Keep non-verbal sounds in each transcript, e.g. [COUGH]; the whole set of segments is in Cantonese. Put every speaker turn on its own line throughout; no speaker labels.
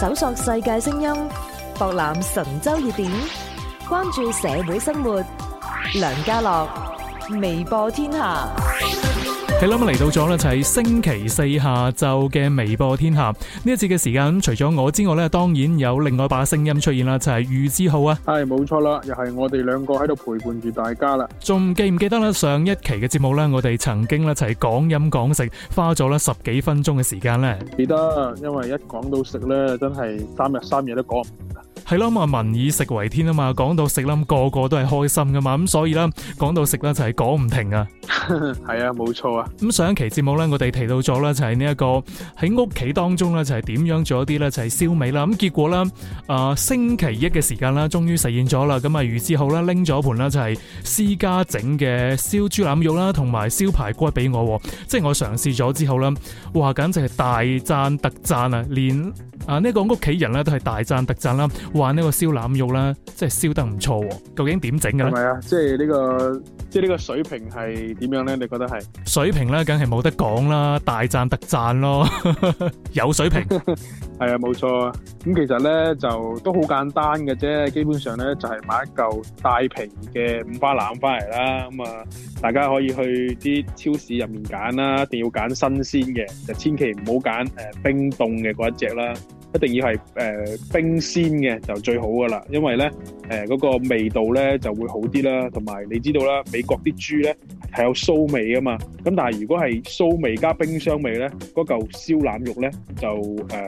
搜索世界聲音，博覽神州熱點，
關注社會生活。梁家樂，微播天下。係啦，咁嚟到咗呢就係星期四下晝嘅微播天下呢一次嘅時間，除咗我之外呢，當然有另外一把聲音出現啦，就係、是、余志浩啊！
係冇錯啦，又係我哋兩個喺度陪伴住大家啦。
仲記唔記得呢，上一期嘅節目呢，我哋曾經呢一齊講飲講食，花咗呢十幾分鐘嘅時間呢。記得，因為一講到食呢，真係三日三夜都講唔完。係啦嘛，民以食為天啊嘛，講到食，咧個個都係開心噶嘛，咁所以咧，講到食咧就係講唔停啊。
係 [LAUGHS] 啊，冇錯啊。咁
上一期節目咧，我哋提到咗咧、這個，就係呢一個喺屋企當中咧，就係點樣做一啲咧，就係燒味啦。咁結果咧，啊、呃、星期一嘅時間啦，終於實現咗啦。咁啊，預之後咧拎咗盤啦，就係私家整嘅燒豬腩肉啦，同埋燒排骨俾我。即係我嘗試咗之後啦，哇，簡直係大讚特讚啊！連啊！這個、呢個屋企人咧都係大讚特讚啦，話呢、這個燒腩肉啦，即係燒得唔錯。究竟點整嘅咧？係咪啊？
即係呢、這個，即係呢個水平係點樣咧？你覺得係
水平咧，梗係冇得講啦，大讚特讚咯， [LAUGHS] 有水平。
係 [LAUGHS] 啊，冇錯。咁、嗯、其實咧就都好簡單嘅啫，基本上咧就係、是、買一嚿大瓶嘅五花腩翻嚟啦。咁、嗯、啊，大家可以去啲超市入面揀啦，一定要揀新鮮嘅，就千祈唔好揀誒冰凍嘅嗰一隻啦。一定要係誒冰鮮嘅就最好噶啦，因為咧誒嗰個味道咧就會好啲啦，同埋你知道啦，美國啲豬咧係有騷味噶嘛，咁但係如果係騷味加冰箱味咧，嗰嚿燒腩肉咧就誒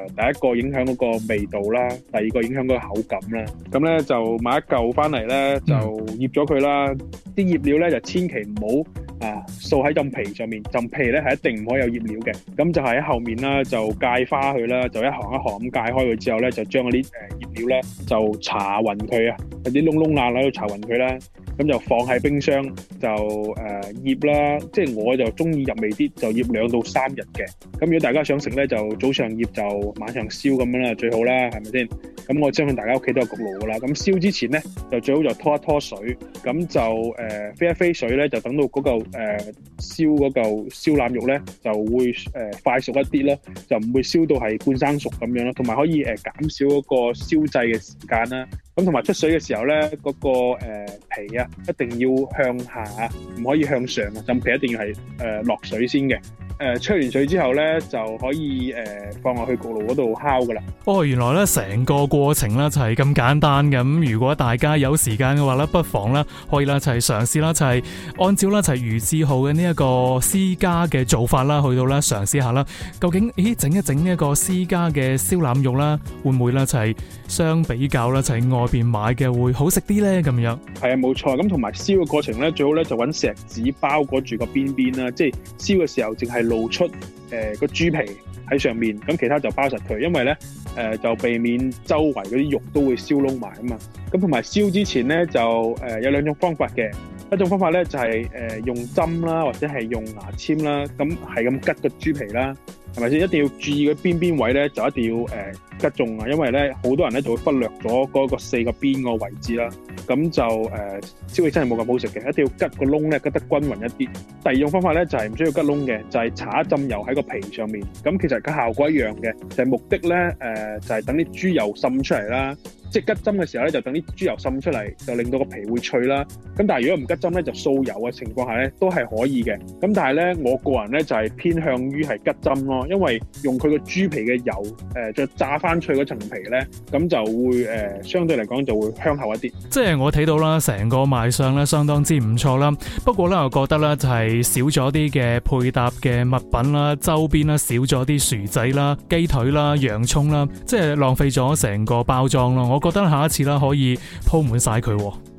第一個影響嗰個味道啦，第二個影響嗰個口感啦，咁咧就買一嚿翻嚟咧就醃咗佢啦，啲醃料咧就千祈唔好。啊！掃喺浸皮上面，浸皮咧係一定唔可以有醃料嘅。咁就係喺後面啦，就戒花佢啦，就一行一行咁戒開佢之後咧，就將嗰啲誒醃料咧就搽勻佢啊，啲窿窿罅罅都搽勻佢啦。咁就放喺冰箱就誒、呃、醃啦，即係我就中意入味啲，就醃兩到三日嘅。咁如果大家想食咧，就早上醃就晚上燒咁樣啦，最好啦，係咪先？咁我相信大家屋企都有焗爐噶啦。咁燒之前咧，就最好就拖一拖水，咁就誒、呃、飛一飛水咧，就等到嗰嚿誒燒嗰嚿燒腩肉咧，就會誒、呃、快熟一啲啦，就唔會燒到係半生熟咁樣咯，同埋可以誒、呃、減少嗰個燒製嘅時間啦。咁同埋出水嘅時候咧，嗰個、呃、皮啊，一定要向下，唔可以向上啊！浸皮一定要係誒落水先嘅。誒出完水之後咧，就可以誒、呃、放落去焗爐嗰度烤㗎喇。
哦，原來咧成個過程咧就係、是、咁簡單嘅。咁如果大家有時間嘅話咧，不妨咧可以啦一齊、就是、嘗試啦，一、就、齊、是、按照啦一齊預置好嘅呢一個私家嘅做法啦，去到咧嘗試下啦。究竟咦整一整呢一個私家嘅燒腩肉會不會啦，會唔會咧一齊相比較啦？一、就、齊、是、外邊買嘅會好食啲咧？咁樣
係啊，冇錯。咁同埋燒嘅過程咧，最好咧就揾錫紙包裹住個邊邊啦，即、就、係、是、燒嘅時候淨係。露出誒個、呃、豬皮喺上面，咁其他就包實佢，因為咧誒、呃、就避免周圍嗰啲肉都會燒燶埋啊嘛。咁同埋燒之前咧就誒、呃、有兩種方法嘅，一種方法咧就係、是、誒、呃、用針啦，或者係用牙籤啦，咁係咁拮個豬皮啦。係咪先？一定要注意嘅邊邊位咧，就一定要誒吉、呃、中啊！因為咧，好多人咧就會忽略咗嗰個四個邊個位置啦。咁就誒燒起真係冇咁好食嘅，一定要吉個窿咧，吉得均勻一啲。第二種方法咧就係、是、唔需要吉窿嘅，就係搽浸油喺個皮上面。咁其實個效果一樣嘅，就係、是、目的咧、呃、就係等啲豬油滲出嚟啦。即係吉針嘅時候咧，就等啲豬油滲出嚟，就令到個皮會脆啦。咁但係如果唔吉針咧，就掃油嘅情況下咧，都係可以嘅。咁但係咧，我個人咧就係、是、偏向於係吉針咯。因為用佢個豬皮嘅油，誒、呃，再炸翻脆嗰層皮呢，咁就會誒、呃，相對嚟講就會香口一啲。
即係我睇到啦，成個賣相呢，相當之唔錯啦。不過呢，我覺得呢就係少咗啲嘅配搭嘅物品啦，周邊啦，少咗啲薯仔啦、雞腿啦、洋蔥啦，即係浪費咗成個包裝咯。我覺得下一次啦，可以鋪滿晒佢。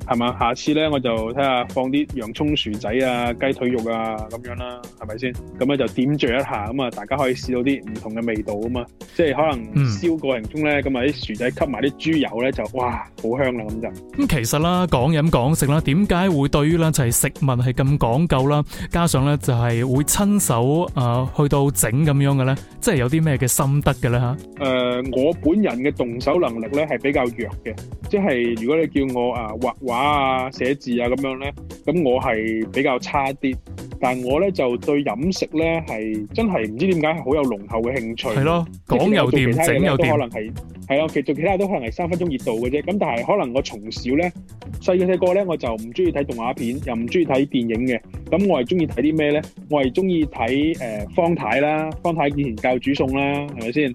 係嘛？下次咧，我就睇下放啲洋蔥薯仔啊、雞腿肉啊咁樣啦，係咪先？咁咧就點綴一下，咁啊大家可以試到啲唔同嘅味道啊嘛。即係可能燒過程中咧，咁啊啲薯仔吸埋啲豬油咧，就哇好香啦咁就。咁
其實啦，講飲講食啦，點解會對於咧就係食物係咁講究啦？加上咧就係會親手啊、呃、去到整咁樣嘅咧，即係有啲咩嘅心得嘅咧吓？
誒、呃，我本人嘅動手能力咧係比較弱嘅，即係如果你叫我啊畫。畫啊、寫字啊咁樣咧，咁我係比較差啲，但係我咧就對飲食咧係真係唔知點解係好有濃厚嘅興趣。係咯，講又掂，整又掂。係咯，其實做其他都可能係三分鐘熱度嘅啫。咁但係可能我從小咧，細個細個咧，我就唔中意睇動畫片，又唔中意睇電影嘅。咁我係中意睇啲咩咧？我係中意睇誒方太啦，方太以前教煮餸啦，係咪先？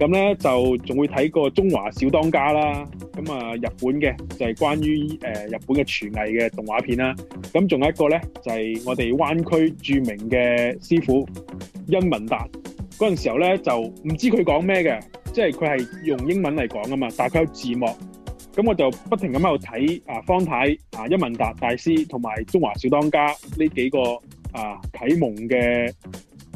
咁咧就仲會睇過《中華小當家》啦，咁啊日本嘅就係、是、關於誒日本嘅廚藝嘅動畫片啦。咁仲有一個咧就係我哋灣區著名嘅師傅殷文達，嗰陣時候咧，就唔知佢講咩嘅，即係佢係用英文嚟講㗎嘛，但係佢有字幕。咁我就不停咁喺度睇啊方太啊殷文達大師同埋《和中華小當家》呢幾個啊啟蒙嘅。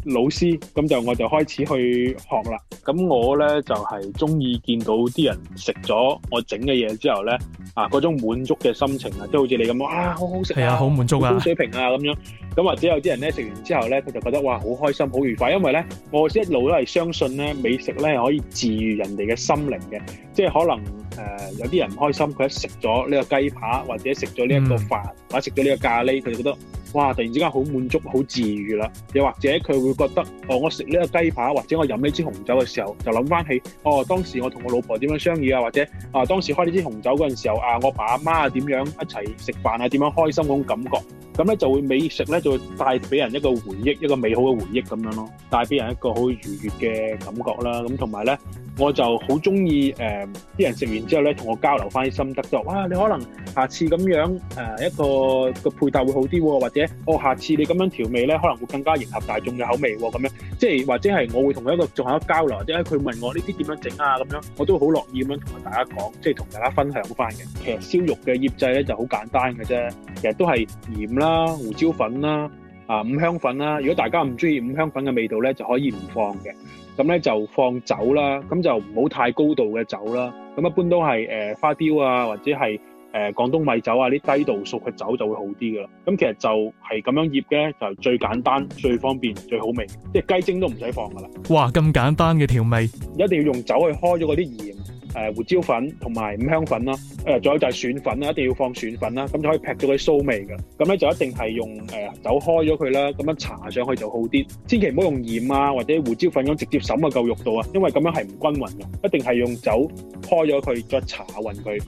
老師，咁就我就開始去學啦。咁我咧就係中意見到啲人食咗我整嘅嘢之後咧，啊嗰種滿足嘅心情啊，即係好似你咁樣啊，好好
食係啊，好滿足啊，高水
平啊咁樣。咁或者有啲人咧食完之後咧，佢就覺得，哇，好開心，好愉快，因為咧我一路都係相信咧美食咧可以治癒人哋嘅心靈嘅，即係可能誒有啲人唔開心，佢一食咗呢個雞扒或者食咗呢一個飯或者食咗呢個咖喱，佢就覺得。哇！突然之間好滿足，好治愈啦。又或者佢會覺得，哦，我食呢個雞扒，或者我飲呢支紅酒嘅時候，就諗翻起，哦，當時我同我老婆點樣相遇啊，或者啊，當時開呢支紅酒嗰陣時候，啊，我爸阿媽啊點樣一齊食飯啊，點樣開心嗰種感覺。咁、嗯、咧就會美食咧就會帶俾人一個回憶，一個美好嘅回憶咁樣咯，帶俾人一個好愉悅嘅感覺啦。咁同埋咧，我就好中意誒啲人食完之後咧，同我交流翻啲心得就哇！你可能下次咁樣誒、呃、一個個配搭會好啲喎、哦，或者～我、哦、下次你咁樣調味咧，可能會更加迎合大眾嘅口味喎、哦。咁樣即係或者係我會同一個做客交流，或者佢問我呢啲點樣整啊？咁樣我都會好樂意咁樣同大家講，即係同大家分享翻嘅。其實燒肉嘅醃製咧就好簡單嘅啫，其實都係鹽啦、胡椒粉啦、啊五香粉啦。如果大家唔中意五香粉嘅味道咧，就可以唔放嘅。咁咧就放酒啦，咁就唔好太高度嘅酒啦。咁一般都係誒、呃、花雕啊，或者係。誒、呃、廣東米酒啊啲低度熟嘅酒就會好啲噶啦，咁其實就係咁樣醃嘅，就是、最簡單、最方便、最好味，即係雞精都唔使放噶啦。
哇，咁簡單嘅調味，
一定要用酒去開咗嗰啲鹽、呃、胡椒粉同埋五香粉啦。誒、呃，仲有就係蒜粉啦，一定要放蒜粉啦，咁就可以劈咗佢酥味嘅。咁咧就一定係用、呃、酒開咗佢啦，咁樣搽上去就好啲。千祈唔好用鹽啊或者胡椒粉咁直接滲喺嚿肉度啊，因為咁樣係唔均勻嘅。一定係用酒開咗佢，再搽勻佢。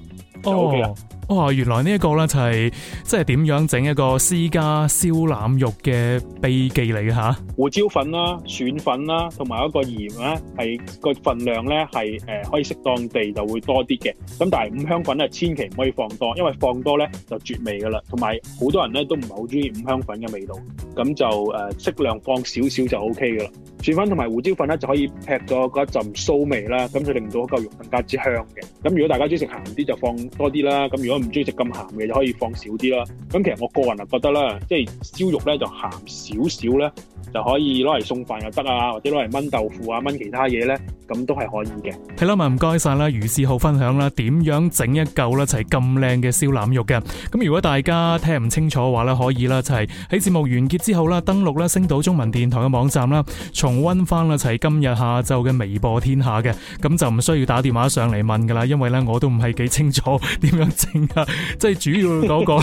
OK、哦，哦，原來呢一個咧，就係即係點樣整一個私家燒腩肉嘅秘技嚟嘅吓，
胡椒粉啦、啊、蒜粉啦、啊，同埋一個鹽呢，係個份量呢，係誒、呃、可以適當地就會多啲嘅。咁但係五香粉咧，千祈唔可以放多，因為放多呢，就絕味噶啦。同埋好多人呢，都唔係好中意五香粉嘅味道，咁就誒適、呃、量放少少就 O K 噶啦。蒜粉同埋胡椒粉咧，就可以撇咗嗰一陣騷味啦，咁就令到嗰嚿肉更加之香嘅。咁如果大家中意食鹹啲，就放多啲啦；咁如果唔中意食咁鹹嘅，就可以放少啲啦。咁其實我個人啊覺得啦，即係燒肉咧就鹹少少咧，就可以攞嚟送飯又得啊，或者攞嚟炆豆腐啊、炆其他嘢咧，咁都係可以嘅。
係啦，咪唔該曬啦，余思浩分享啦點樣整一嚿咧，就係咁靚嘅燒腩肉嘅。咁如果大家聽唔清楚嘅話咧，可以啦，就係喺節目完結之後啦，登錄啦星島中文電台嘅網站啦，從溫翻一齊今日下晝嘅微播天下嘅，咁就唔需要打電話上嚟問噶啦，因為咧我都唔係幾清楚點樣整啊，即係主要嗰個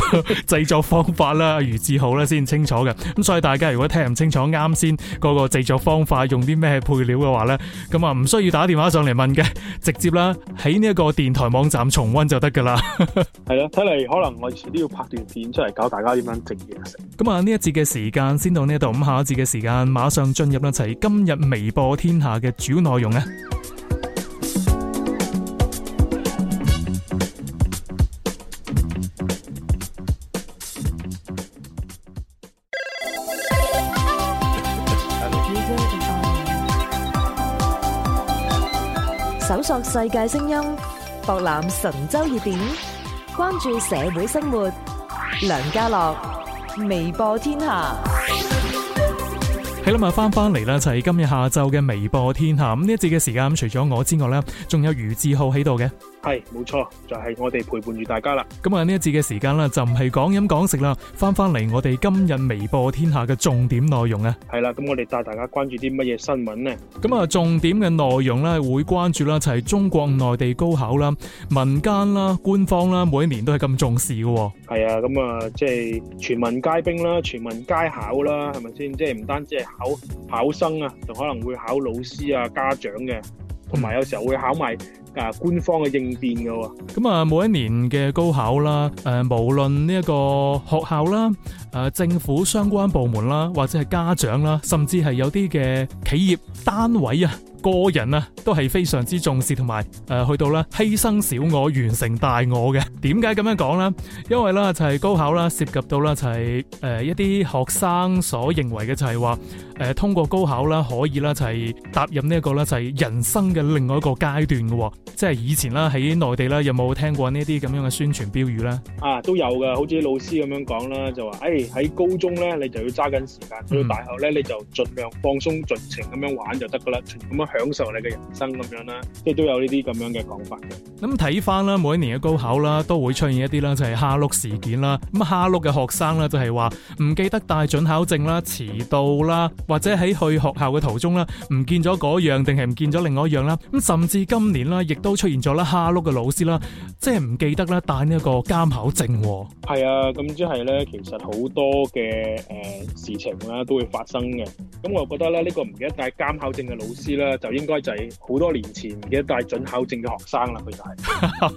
製作方法啦，余 [LAUGHS] 志豪咧先清楚嘅。咁所以大家如果聽唔清楚啱先嗰、那個製作方法用啲咩配料嘅話咧，咁啊唔需要打電話上嚟問嘅，直接啦喺呢一個電台網站重溫就得噶啦。係啊，
睇嚟可能我遲啲要拍段片出嚟教大家點樣整
嘢食。咁啊呢一節嘅時間先到呢度，咁下一節嘅時間馬上進入一齊。今日微播天下嘅主要內容呢？
搜索世界聲音，博覽神州熱點，關
注社會生活。梁家樂，微播天下。係啦，咁返翻翻嚟啦，就係今日下晝嘅微播天下。咁呢一節嘅時間，咁除咗我之外咧，仲有余志浩喺度嘅。
係，冇錯，就係我哋陪伴住大家啦。
咁啊，呢一節嘅時間啦，就唔係講飲講食啦，翻翻嚟，我哋今日微博天下嘅重點內容啊。
係啦，咁我哋帶大家關注啲乜嘢新聞呢？
咁啊，重點嘅內容咧，會關注啦，就係中國內地高考啦、民間啦、官方啦，每年都係咁重視嘅。
係啊，咁啊，即係全民皆兵啦，全民皆考啦，係咪先？即係唔單止係考考生啊，就可能會考老師啊、家長嘅。同埋有時候會考埋官方嘅應變㗎喎，
咁啊，每一年嘅高考啦，誒無論呢一個學校啦，政府相關部門啦，或者係家長啦，甚至係有啲嘅企業單位啊。個人啊，都係非常之重視同埋誒，去到咧犧牲小我完成大我嘅。點解咁樣講呢？因為咧就係、是、高考啦，涉及到咧就係、是、誒、呃、一啲學生所認為嘅就係話誒通過高考啦可以啦就係踏入呢一個咧就係、是、人生嘅另外一個階段嘅喎。即係以前啦喺內地啦有冇聽過呢啲咁樣嘅宣傳標語咧？
啊，都有噶，好似老師咁樣講啦，就話誒喺高中咧你就要揸緊時間，去到、嗯、大學咧你就儘量放鬆、盡情咁樣玩就得嘅啦，咁樣。享受你嘅人生咁樣啦，即係都有呢啲咁樣嘅講法嘅。
咁睇翻啦，每一年嘅高考啦，都會出現一啲啦，就係蝦碌事件啦。咁蝦碌嘅學生啦，就係話唔記得帶準考證啦、遲到啦，或者喺去學校嘅途中啦，唔見咗嗰樣定係唔見咗另外一樣啦。咁甚至今年啦，亦都出現咗啦蝦碌嘅老師啦，即係唔記得啦帶呢一個監考證。係
啊，咁即係咧，其實好多嘅誒事情啦
都會發生嘅。
咁我覺得咧，呢個唔記得帶監考證嘅老師啦。就應該就係好多年前嘅一帶準考證嘅學生啦，佢就
係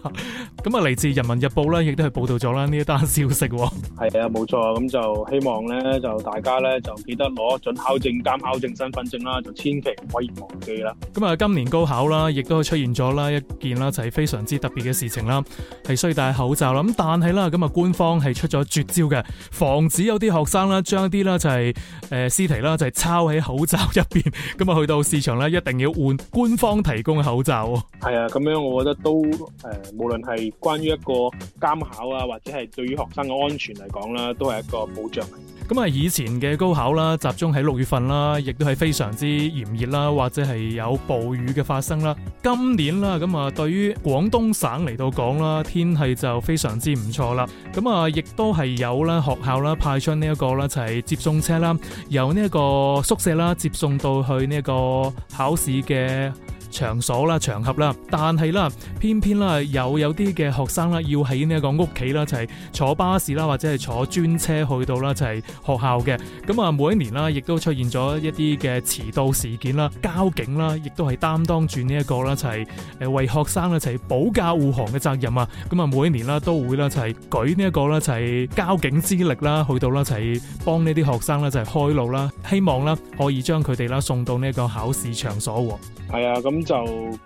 咁啊！嚟 [LAUGHS] 自《人民日報》啦，亦都係報導咗啦呢一單消息喎。
係啊，冇錯，咁就希望咧，就大家咧就記得攞準考證、監考證、身份證啦，就千祈唔可以忘記啦。
咁啊，今年高考啦，亦都出現咗啦一件啦，就係非常之特別嘅事情啦，係需要戴口罩啦。咁但係啦，咁啊，官方係出咗絕招嘅，防止有啲學生啦將一啲啦就係誒試題啦就係抄喺口罩入邊，咁 [LAUGHS] 啊去到市場咧一定。要換官方提供嘅口罩，
係啊，咁樣我覺得都誒、呃，無論係關於一個監考啊，或者係對於學生嘅安全嚟講啦，嗯、都係一個保障。
咁啊，以前嘅高考啦，集中喺六月份啦，亦都係非常之炎熱啦，或者係有暴雨嘅發生啦。今年啦，咁啊，對於廣東省嚟到講啦，天氣就非常之唔錯啦。咁啊，亦都係有啦，學校啦，派出呢一個啦，就係接送車啦，由呢一個宿舍啦，接送到去呢一個考試嘅。場所啦、場合啦，但係啦，偏偏啦有有啲嘅學生啦，要喺呢一個屋企啦，就係、是、坐巴士啦，或者係坐專車去到啦，就係、是、學校嘅。咁啊，每一年啦，亦都出現咗一啲嘅遲到事件啦，交警啦，亦都係擔當住呢一個啦，就係、是、誒為學生咧就係、是、保駕護航嘅責任啊。咁啊，每一年啦都會啦，就係、是、舉呢一個啦，就係、是、交警之力啦，去到啦就係幫呢啲學生啦，就係、是、開路啦，希望啦可以將佢哋啦送到呢一個考試場所。係啊，咁、
哎。咁就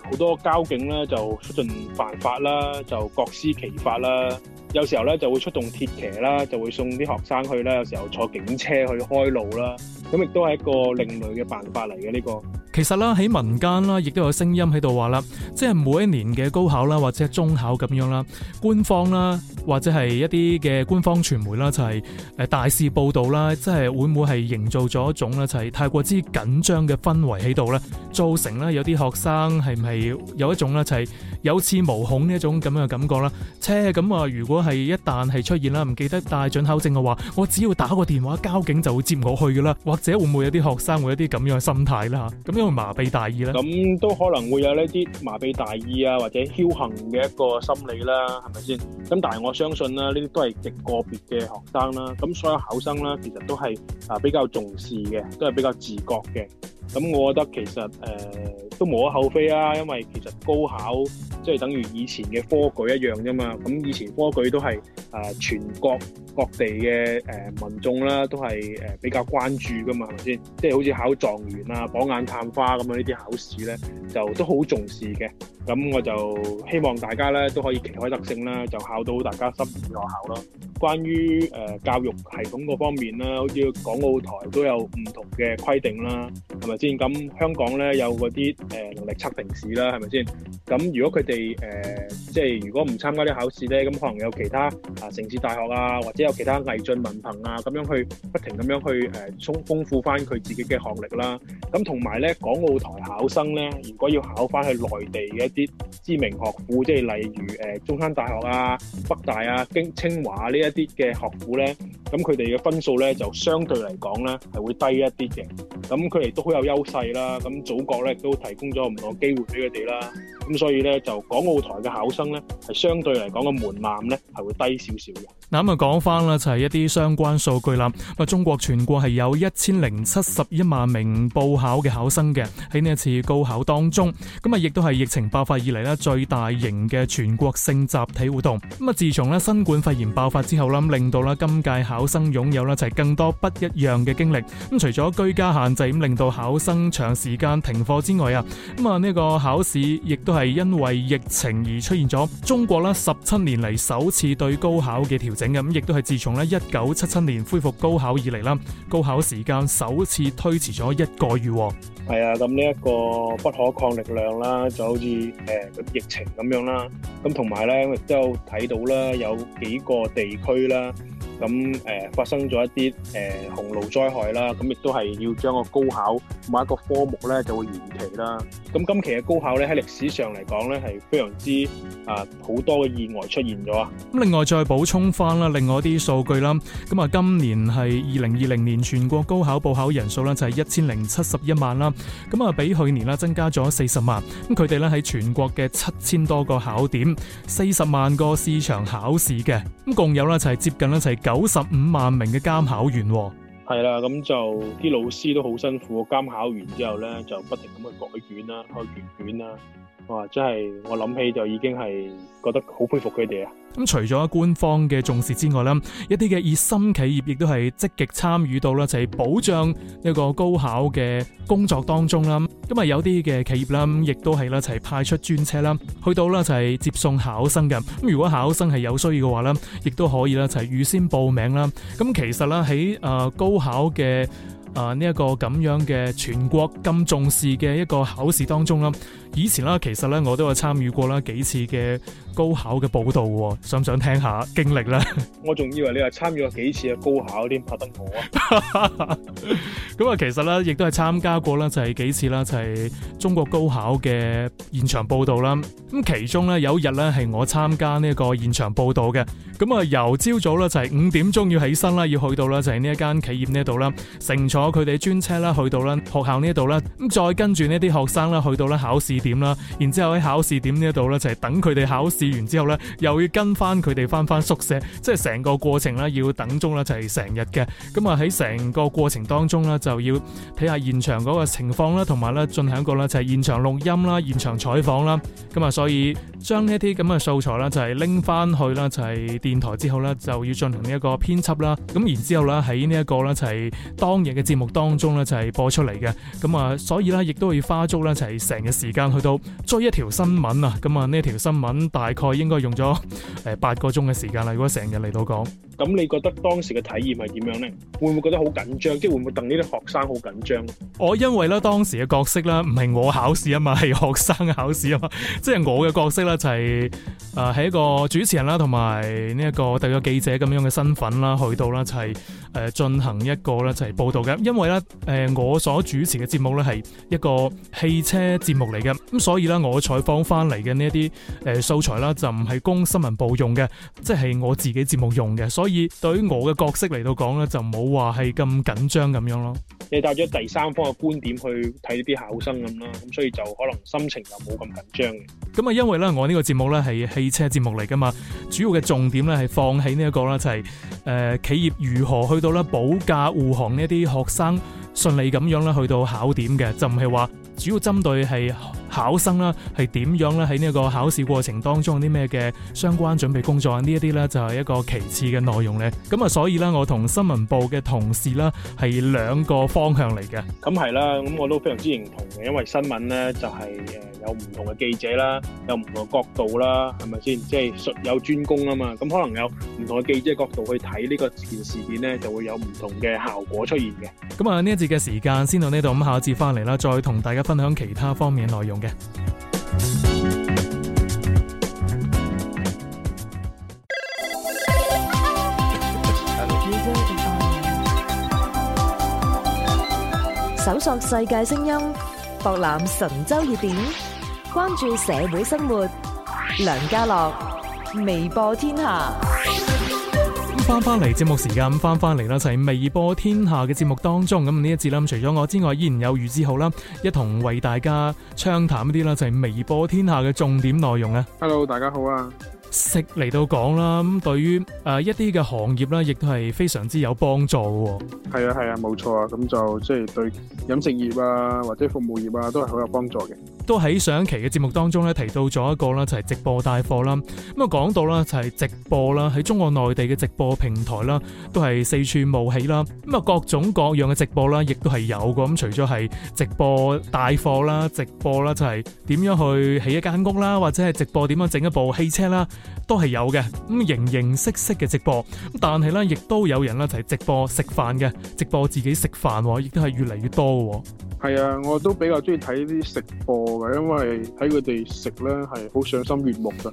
好多交警咧，就出盡辦法啦，就各施其法啦。有時候咧就會出動鐵騎啦，就會送啲學生去啦。有時候坐警車去開路啦。咁亦都係一個另類嘅辦法嚟嘅呢個。
其實啦，喺民間啦，亦都有聲音喺度話啦，即係每一年嘅高考啦，或者係中考咁樣啦，官方啦，或者係一啲嘅官方傳媒啦，就係誒大肆報道啦，即係會唔會係營造咗一種咧，就係太過之緊張嘅氛圍喺度咧，造成咧有啲學。生係唔係有一種咧，就係有恃無恐呢一種咁樣嘅感覺啦？車咁啊，如果係一旦係出現啦，唔記得帶準考證嘅話，我只要打個電話，交警就會接我去噶啦。或者會唔會有啲學生會有啲咁樣嘅心態咧？嚇，咁因為麻痹大意咧。咁
都可能會有呢啲麻痹大意啊，或者僥倖嘅一個心理啦，係咪先？咁但係我相信啦，呢啲都係極個別嘅學生啦。咁所有考生啦，其實都係啊比較重視嘅，都係比較自覺嘅。咁我覺得其實誒、呃、都無可厚非啊，因為其實高考即係等於以前嘅科舉一樣啫嘛。咁以前科舉都係誒、呃、全國各地嘅誒、呃、民眾啦，都係誒、呃、比較關注㗎嘛，係咪先？即係好似考狀元啊、榜眼探花咁樣呢啲考試咧，就都好重視嘅。咁我就希望大家咧都可以旗開得勝啦，就考到大家心儀嘅學校咯。關於誒、呃、教育系統嗰方面啦，好似港澳台都有唔同嘅規定啦，係咪先？咁香港咧有嗰啲誒能力測評試啦，係咪先？咁如果佢哋誒即係如果唔參加啲考試咧，咁可能有其他啊、呃、城市大學啊或者有其他毅進文憑啊，咁樣去不停咁樣去誒，充、呃、豐富翻佢自己嘅學歷啦。咁同埋咧，港澳台考生咧，如果要考翻去內地嘅一啲知名學府，即係例如誒中山大學啊、北大啊、京清華呢一啲嘅學府咧，咁佢哋嘅分數咧就相對嚟講咧係會低一啲嘅。咁佢哋都好有優勢啦。咁祖國咧都提供咗唔同嘅機會俾佢哋啦。咁所以咧就港澳台嘅考生咧係相對嚟講嘅門檻咧係會低
少少嘅。咁啊，講翻啦，就係一啲相關數據啦。咁中國全國係有一千零七十一萬名報考嘅考生嘅，喺呢一次高考當中。咁啊，亦都係疫情爆發以嚟，呢最大型嘅全國性集體活動。咁啊，自從呢新冠肺炎爆發之後啦，令到呢今屆考生擁有啦，就係更多不一樣嘅經歷。咁除咗居家限制咁令到考生長時間停課之外啊，咁啊呢個考試亦都係因為疫情而出現咗中國呢十七年嚟首次對高考嘅調整嘅咁，亦都係自從咧一九七七年恢復高考以嚟啦，高考時間首次推遲咗一個月。
係啊，咁呢一個不可抗力量啦，就好似誒疫情咁樣啦。咁同埋咧，我亦都有睇到啦，有幾個地區啦。咁誒發生咗一啲誒洪澇災害啦，咁亦都係要將個高考某一個科目咧就會延期啦。咁今期嘅高考咧喺歷史上嚟講咧係非常之啊好多嘅意外出現咗。咁
另外再補充翻啦，另外一啲數據啦。咁啊，今年係二零二零年全國高考報考人數咧就係一千零七十一萬啦。咁啊，比去年啦增加咗四十萬。咁佢哋咧喺全國嘅七千多個考點，四十萬個試場考試嘅。咁共有咧就係接近咧就係。九十五萬名嘅監考員，
係啦，咁就啲老師都好辛苦，監考完之後呢，就不停咁去改卷啦，開閱卷啦。真係我諗起就已經係覺得好佩服佢哋啊。
咁除咗官方嘅重視之外咧，一啲嘅熱心企業亦都係積極參與到啦，就係保障呢個高考嘅工作當中啦。咁啊，有啲嘅企業啦，亦都係啦，就係派出專車啦，去到啦就係接送考生嘅。咁如果考生係有需要嘅話呢，亦都可以啦，就係預先報名啦。咁其實咧喺誒高考嘅誒呢一個咁樣嘅全國咁重視嘅一個考試當中啦。以前啦，其實咧我都有參與過啦幾次嘅高考嘅報道，想唔想聽下經歷咧？
我仲以為你係參與過幾次嘅高考啲拍燈火啊？
咁啊， [LAUGHS] [LAUGHS] 其實咧亦都係參加過啦，就係幾次啦，就係中國高考嘅現場報道啦。咁其中咧有一日咧係我參加呢個現場報道嘅。咁啊由朝早咧就係五點鐘要起身啦，要去到啦就係呢一間企業呢度啦，乘坐佢哋專車啦去到啦學校呢度啦，咁再跟住呢啲學生啦去到啦考試點啦，然之後喺考試點呢一度呢，就係、是、等佢哋考試完之後呢，又要跟翻佢哋翻翻宿舍，即係成個過程呢，要等鐘啦，就係成日嘅。咁啊喺成個過程當中呢，就要睇下現場嗰個情況啦，同埋呢進行一個呢就係現場錄音啦、現場採訪啦。咁啊，所以將呢啲咁嘅素材呢，就係拎翻去啦，就係電台之後呢，就要進行呢一個編輯啦。咁然之後呢，喺呢一個呢就係當日嘅節目當中呢，就係播出嚟嘅。咁啊，所以呢，亦都要花足呢，就係成日時間。去到追一條新聞啊！咁啊，呢條新聞大概應該用咗誒八個鐘嘅時間啦。如果成日嚟到講。
咁你覺得當時嘅體驗係點樣咧？會唔會覺得好緊張？即係會唔會戥呢啲學生好緊張？
我因為咧當時嘅角色咧，唔係我考試啊嘛，係學生考試啊嘛，即係我嘅角色咧就係誒，係一個主持人啦，同埋呢一個特約記者咁樣嘅身份啦，去到啦就係誒進行一個咧就係報道嘅。因為咧誒我所主持嘅節目咧係一個汽車節目嚟嘅，咁所以咧我採訪翻嚟嘅呢一啲誒素材啦，就唔係供新聞部用嘅，即係我自己節目用嘅，所以。所以對於我嘅角色嚟到講咧，就冇話係咁緊張咁樣咯。
你帶咗第三方嘅觀點去睇啲考生咁啦，咁所以就可能心情又冇咁緊張嘅。
咁啊，因為咧，我呢個節目咧係汽車節目嚟噶嘛，主要嘅重點咧係放喺呢一個啦，就係誒，企業如何去到咧保駕護航呢啲學生順利咁樣咧去到考點嘅，就唔係話主要針對係。考生啦，係點樣咧？喺呢一個考試過程當中有啲咩嘅相關準備工作啊？呢一啲呢，就係一個其次嘅內容呢，咁啊，所以呢，我同新聞部嘅同事啦，係兩個方向嚟嘅，
啊。咁係啦，咁我都非常之認同嘅，因為新聞呢，就係，就係有唔同嘅記者啦，有唔同嘅角度啦，係咪先？即係術有專攻啊嘛，咁可能有唔同嘅記者角度去睇呢個件事件咧，就會有唔同嘅效果出現嘅。
咁啊，呢一節嘅時間先到呢度，咁下一節翻嚟啦，再同大家分享其他方面內容嘅。
搜索世界聲音，博覽神州熱點。關
注社會生活，梁家樂，微播天下。翻翻嚟節目時間，翻翻嚟啦！就係微播天下嘅節目當中，咁呢一節啦。除咗我之外，依然有余志浩啦，一同為大家暢談一啲啦，就係微播天下嘅重點內容啊。
Hello，大家好啊！
食嚟到講啦，咁對於誒一啲嘅行業啦，亦都係非常之有幫助
嘅。係啊，係啊，冇錯啊，咁就即係對飲食業啊，或者服務業啊，都係好有幫助嘅。
都喺上一期嘅節目當中咧提到咗一個啦，就係直播帶貨啦。咁啊講到啦，就係直播啦，喺中國內地嘅直播平台啦，都係四處冒起啦。咁啊各種各樣嘅直播啦，亦都係有嘅。咁除咗係直播帶貨啦，直播啦，就係點樣去起一間屋啦，或者係直播點樣整一部汽車啦，都係有嘅。咁形形色色嘅直播，但係咧，亦都有人咧就係直播食飯嘅，直播自己食飯喎，亦都係越嚟越多嘅。
係啊，我都比較中意睇啲食播。因為睇佢哋食咧係好賞心悅目嘅，誒、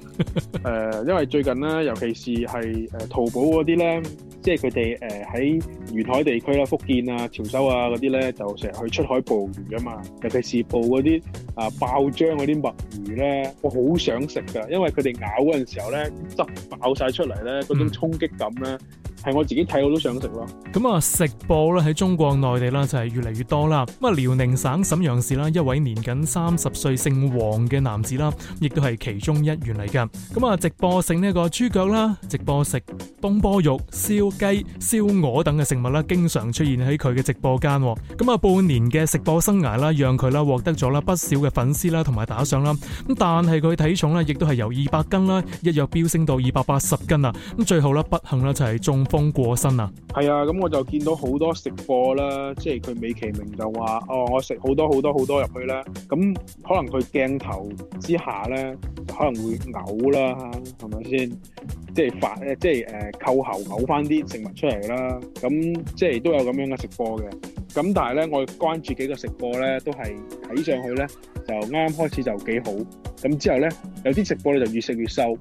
[LAUGHS] 呃，因為最近咧，尤其是係誒淘寶嗰啲咧，即係佢哋誒喺沿海地區啦、福建啊、潮州啊嗰啲咧，就成日去出海捕魚啊嘛，尤其是捕嗰啲啊爆漿嗰啲墨魚咧，我好想食噶，因為佢哋咬嗰陣時候咧，汁爆晒出嚟咧，嗰種衝擊感咧～、嗯係我自
己睇我都想食咯。咁啊，食播咧喺中國內地啦就係、是、越嚟越多啦。咁啊，遼寧省瀋陽市啦一位年僅三十歲姓王嘅男子啦，亦都係其中一員嚟噶。咁啊，直播食呢個豬腳啦，直播食東坡肉、燒雞、燒鵝等嘅食物啦，經常出現喺佢嘅直播間、哦。咁啊，半年嘅食播生涯啦，讓佢啦獲得咗啦不少嘅粉絲啦同埋打賞啦。咁但係佢體重咧亦都係由二百斤啦，一躍飆升到二百八十斤啊！咁最後啦，不幸啦就係、是、中。風過身啊！
係啊，咁我就見到好多食播啦，即係佢美其名就話哦，我食好多好多好多入去啦。咁可能佢鏡頭之下咧，可能會嘔啦，係咪先？即係發，即係誒、呃，扣喉嘔翻啲食物出嚟啦。咁即係都有咁樣嘅食播嘅。咁但係咧，我關注幾個食播咧，都係睇上去咧，就啱啱開始就幾好。咁之後咧，有啲食播咧就越食越瘦。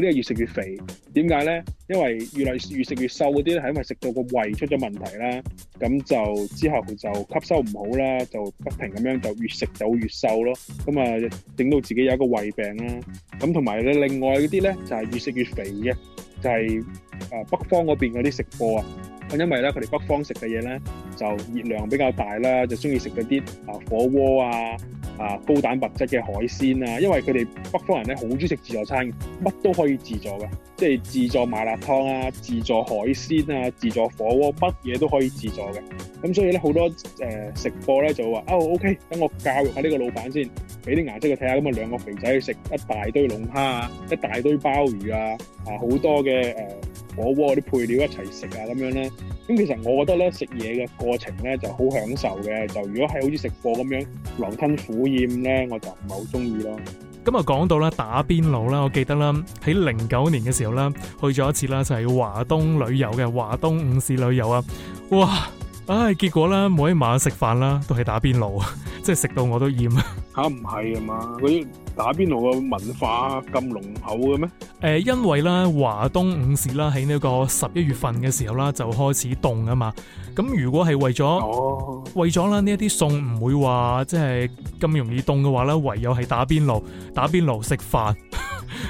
呢個越食越肥，點解咧？因為越嚟越食越瘦嗰啲咧，係因為食到個胃出咗問題啦，咁就之後就吸收唔好啦，就不停咁樣就越食就越，越瘦咯。咁啊，整到自己有一個胃病啦。咁同埋咧，另外嗰啲咧就係越食越肥嘅，就係、係、誒北方嗰邊嗰啲食貨啊，因為咧佢哋北方食嘅嘢咧就熱量比較大啦，就中意食嗰啲啊火鍋啊。啊，高蛋白質嘅海鮮啊，因為佢哋北方人咧好中意食自助餐嘅，乜都可以自助嘅，即係自助麻辣燙啊、自助海鮮啊、自助火鍋，乜嘢都可以自助嘅。咁所以咧好多誒、呃、食貨咧就話哦 OK，等我教育下呢個老闆先，俾啲顏色佢睇下。咁啊兩個肥仔去食一大堆龍蝦啊，一大堆鮑魚啊，啊好多嘅誒。呃火鍋啲配料一齊食啊咁樣咧，咁其實我覺得咧食嘢嘅過程咧就好享受嘅，就如果係好似食貨咁樣狼吞虎咽咧，我就唔係好中意咯。
咁啊講到咧打邊爐啦，我記得啦喺零九年嘅時候啦去咗一次啦，就係華東旅遊嘅華東五市旅遊啊，哇！唉、啊，結果咧，每一晚食飯啦，都係打邊爐，即係食到我都厭啊！
吓，唔係啊嘛？佢打邊爐嘅文化咁濃厚嘅咩？
誒、呃，因為咧華東五市啦，喺呢個十一月份嘅時候啦，就開始凍啊嘛。咁如果係為咗，哦為咗啦呢一啲餸唔會話即係咁容易凍嘅話咧，唯有係打邊爐，打邊爐食飯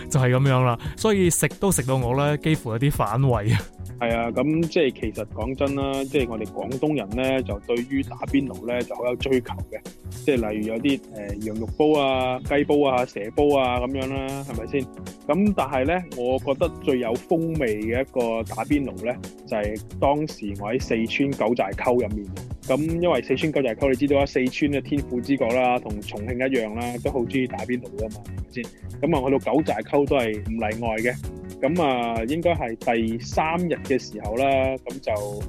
就係、是、咁樣啦。所以食都食到我咧，幾乎有啲反胃
啊。係啊，咁即係其實講真啦，即係我哋廣東。人咧就對於打邊爐咧就好有追求嘅，即係例如有啲誒羊肉煲啊、雞煲啊、蛇煲啊咁樣啦，係咪先？咁但係咧，我覺得最有風味嘅一個打邊爐咧，就係當時我喺四川九寨溝入面嘅。咁因為四川九寨溝，你知道啊，四川嘅天府之國啦，同重慶一樣啦，都好中意打邊爐㗎嘛，係咪先？咁啊，去到九寨溝都係唔例外嘅。咁啊，應該係第三日嘅時候啦，咁就誒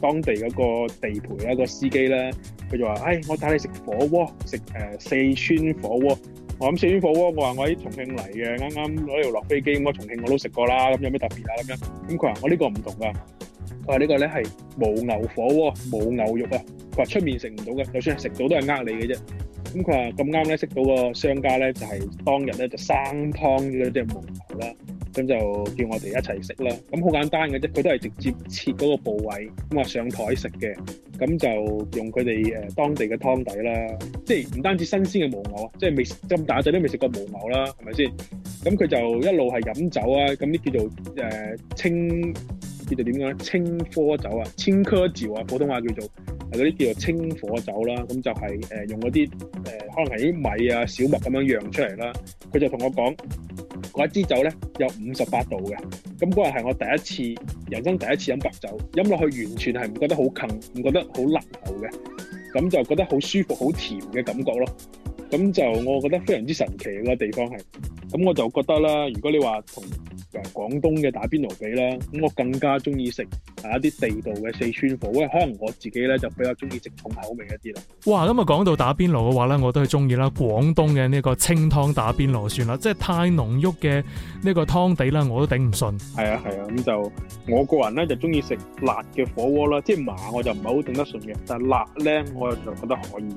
當地嘅個。個地陪啊，個司機咧，佢就話，誒，我帶你食火鍋，食誒四川火鍋。我諗四川火鍋，我話我喺重慶嚟嘅，啱啱攞條落飛機，咁我重慶我都食過啦。咁有咩特別啊？咁樣，咁佢話我呢個唔同噶，佢話呢個咧係冇牛火鍋，冇牛肉啊。佢話出面食唔到嘅，就算係食到都係呃你嘅啫。咁佢話咁啱咧識到個商家咧，就係、是、當日咧就生湯呢隻毛牛啦，咁就叫我哋一齊食啦。咁好簡單嘅啫，佢都係直接切嗰個部位，咁啊上台食嘅。咁就用佢哋誒當地嘅湯底啦，即係唔單止新鮮嘅毛牛啊，即係未咁大仔都未食過毛牛啦，係咪先？咁佢就一路係飲酒啊，咁呢叫做清叫做點樣咧？青稞酒啊，青稞酒啊，普通話叫做。嗰啲叫做清火酒啦，咁就係誒用嗰啲誒可能係啲米啊、小麥咁樣釀出嚟啦。佢就同我講，嗰一支酒咧有五十八度嘅。咁嗰日係我第一次人生第一次飲白酒，飲落去完全係唔覺得好近，唔覺得好辣喉嘅，咁就覺得好舒服、好甜嘅感覺咯。咁就我覺得非常之神奇嘅地方係，咁我就覺得啦，如果你話同誒廣東嘅打邊爐比啦，咁我更加中意食啊一啲地道嘅四川火鍋，因為可能我自己咧就比較中意食重口味一啲啦。
哇！咁啊講到打邊爐嘅話咧，我都係中意啦，廣東嘅呢個清湯打邊爐算啦，即係太濃郁嘅呢個湯底啦，我都頂唔順。
係啊係啊，咁、啊、就我個人咧就中意食辣嘅火鍋啦，即係麻我就唔係好頂得順嘅，但係辣咧我就覺得可以。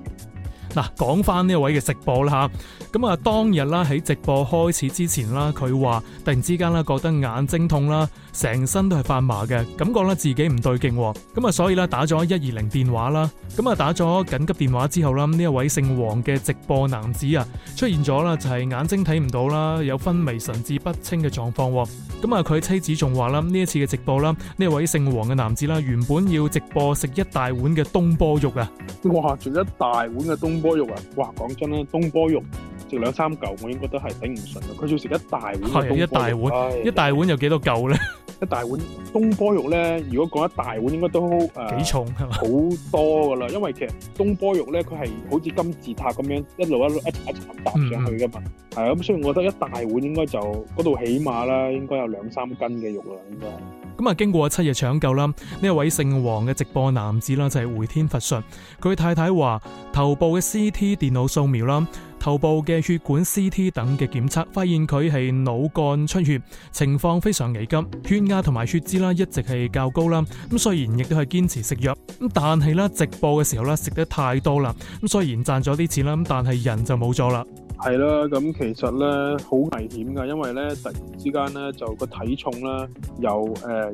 嗱，講翻呢位嘅直播啦吓，咁啊當日啦喺直播開始之前啦，佢話突然之間啦覺得眼睛痛啦。成身都係發麻嘅感覺咧，自己唔對勁，哦，咁啊所以咧打咗一二零電話啦，咁啊打咗緊急電話之後啦，咁呢一位姓黃嘅直播男子啊，出現咗啦，就係眼睛睇唔到啦，有昏迷、神志不清嘅狀況，咁啊佢妻子仲話啦，呢一次嘅直播啦，呢位姓黃嘅男子啦，原本要直播食一大碗嘅東坡肉啊，
哇！食一大碗嘅東坡肉啊，哇！講真啦，東坡肉。食兩三嚿，我應該都係頂唔順。佢要食一大碗東，係一大碗，哎、一大
碗有幾多嚿呢？一大
碗東坡肉呢？如果講一大碗應該，應該都誒幾重好、呃、多噶啦。因為其實東坡肉呢，佢係好似金字塔咁樣一路一路，一層一層搭上去噶嘛。係、嗯、咁，所以我覺得一大碗應該就嗰度起碼啦，應該有兩三斤嘅肉啦。應
該咁啊，經過七日搶救啦，呢一位姓黃嘅直播男子啦，就係、是、回天乏術。佢太太話，頭部嘅 C T 電腦掃描啦。頭部嘅血管 CT 等嘅檢測，發現佢係腦幹出血，情況非常危急，血壓同埋血脂啦一直係較高啦。咁雖然亦都係堅持食藥，咁但係咧直播嘅時候咧食得太多啦。咁雖然賺咗啲錢啦，咁但係人就冇咗啦。
係啦，咁其實咧好危險噶，因為咧突然之間咧就個體重啦，由誒。呃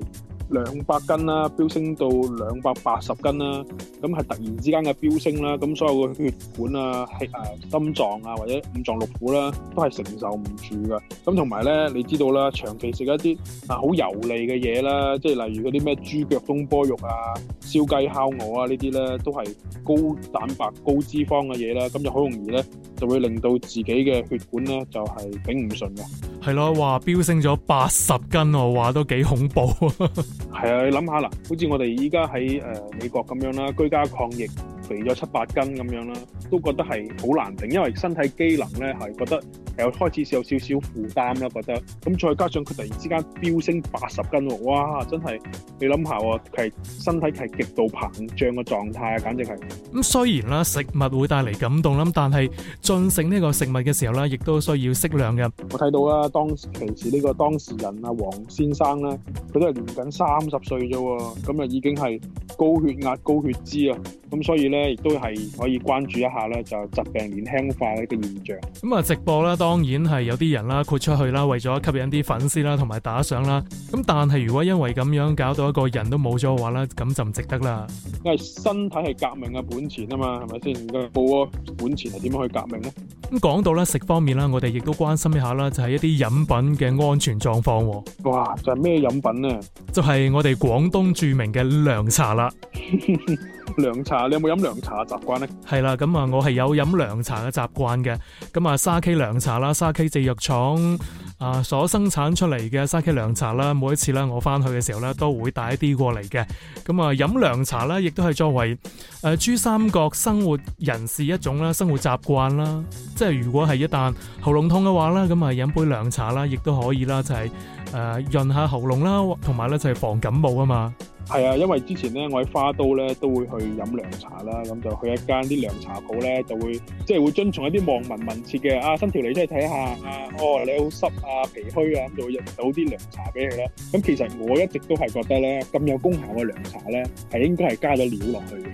兩百斤啦，飆升到兩百八十斤啦，咁係突然之間嘅飆升啦，咁所有嘅血管啊、氣啊、心臟啊或者五臟六腑啦，都係承受唔住噶。咁同埋咧，你知道啦，長期食一啲啊好油膩嘅嘢啦，即係例如嗰啲咩豬腳、東坡肉啊、燒雞、烤鵝啊呢啲咧，都係高蛋白、高脂肪嘅嘢啦。咁就好容易咧，就會令到自己嘅血管咧就係頂唔順嘅。
係咯，話飆升咗八十斤，我話都幾恐怖。 [LAUGHS]
係啊，你諗下啦，好似我哋依家喺誒美國咁樣啦，居家抗疫肥咗七八斤咁樣啦，都覺得係好難頂，因為身體機能咧係覺得有開始有少少負擔啦，覺得咁再加上佢突然之間飆升八十斤喎，哇！真係你諗下喎，係身體係極度膨脹嘅狀態啊，簡直係。咁
雖然啦，食物會帶嚟感動啦，但係進食呢個食物嘅時候咧，亦都需要適量嘅。
我睇到啦，當其時呢個當事人啊，黃先生咧，佢都係練緊三十歲啫喎，咁就已經係高血壓、高血脂啊！咁所以咧，亦都係可以關注一下咧，就疾病年輕化嘅一個現象。
咁啊，直播啦，當然係有啲人啦，豁出去啦，為咗吸引啲粉絲啦，同埋打賞啦。咁但係，如果因為咁樣搞到一個人都冇咗嘅話咧，咁就唔值得啦。因
為身體係革命嘅本錢啊嘛，係咪先？冇本錢係點樣去革命呢？
咁講到咧食方面啦，我哋亦都關心一下啦，就係一啲飲品嘅安全狀況啊。哇！
就係咩飲品咧？
就係我哋廣東著名嘅涼茶啦。 [LAUGHS] 涼茶，你有冇飲涼茶嘅習慣咧？係啦，咁啊，我係有飲涼茶嘅習慣嘅。咁啊，沙溪涼茶啦，沙溪製藥廠啊所生產出嚟嘅沙溪涼茶啦，每一次咧我翻去嘅時候咧，都會帶一啲過嚟嘅。咁啊，飲涼茶咧，亦都係作為誒、呃、珠三角生活人士一種啦生活習慣啦。即係如果係一旦喉嚨痛嘅話咧，咁啊飲杯涼茶啦，亦都可以啦、就係，就係誒潤下喉嚨啦，同埋咧就係防感冒啊嘛。
係啊，因為之前咧，我喺花都咧都會去飲涼茶啦，咁就去一間啲涼茶鋪咧，就會即係會遵從一啲望聞問切嘅，啊伸條脷出嚟睇下，啊哦你好濕啊，脾虛啊，咁就會入到啲涼茶俾你啦。咁其實我一直都係覺得咧，咁有功效嘅涼茶咧，係應該係加咗料落去嘅。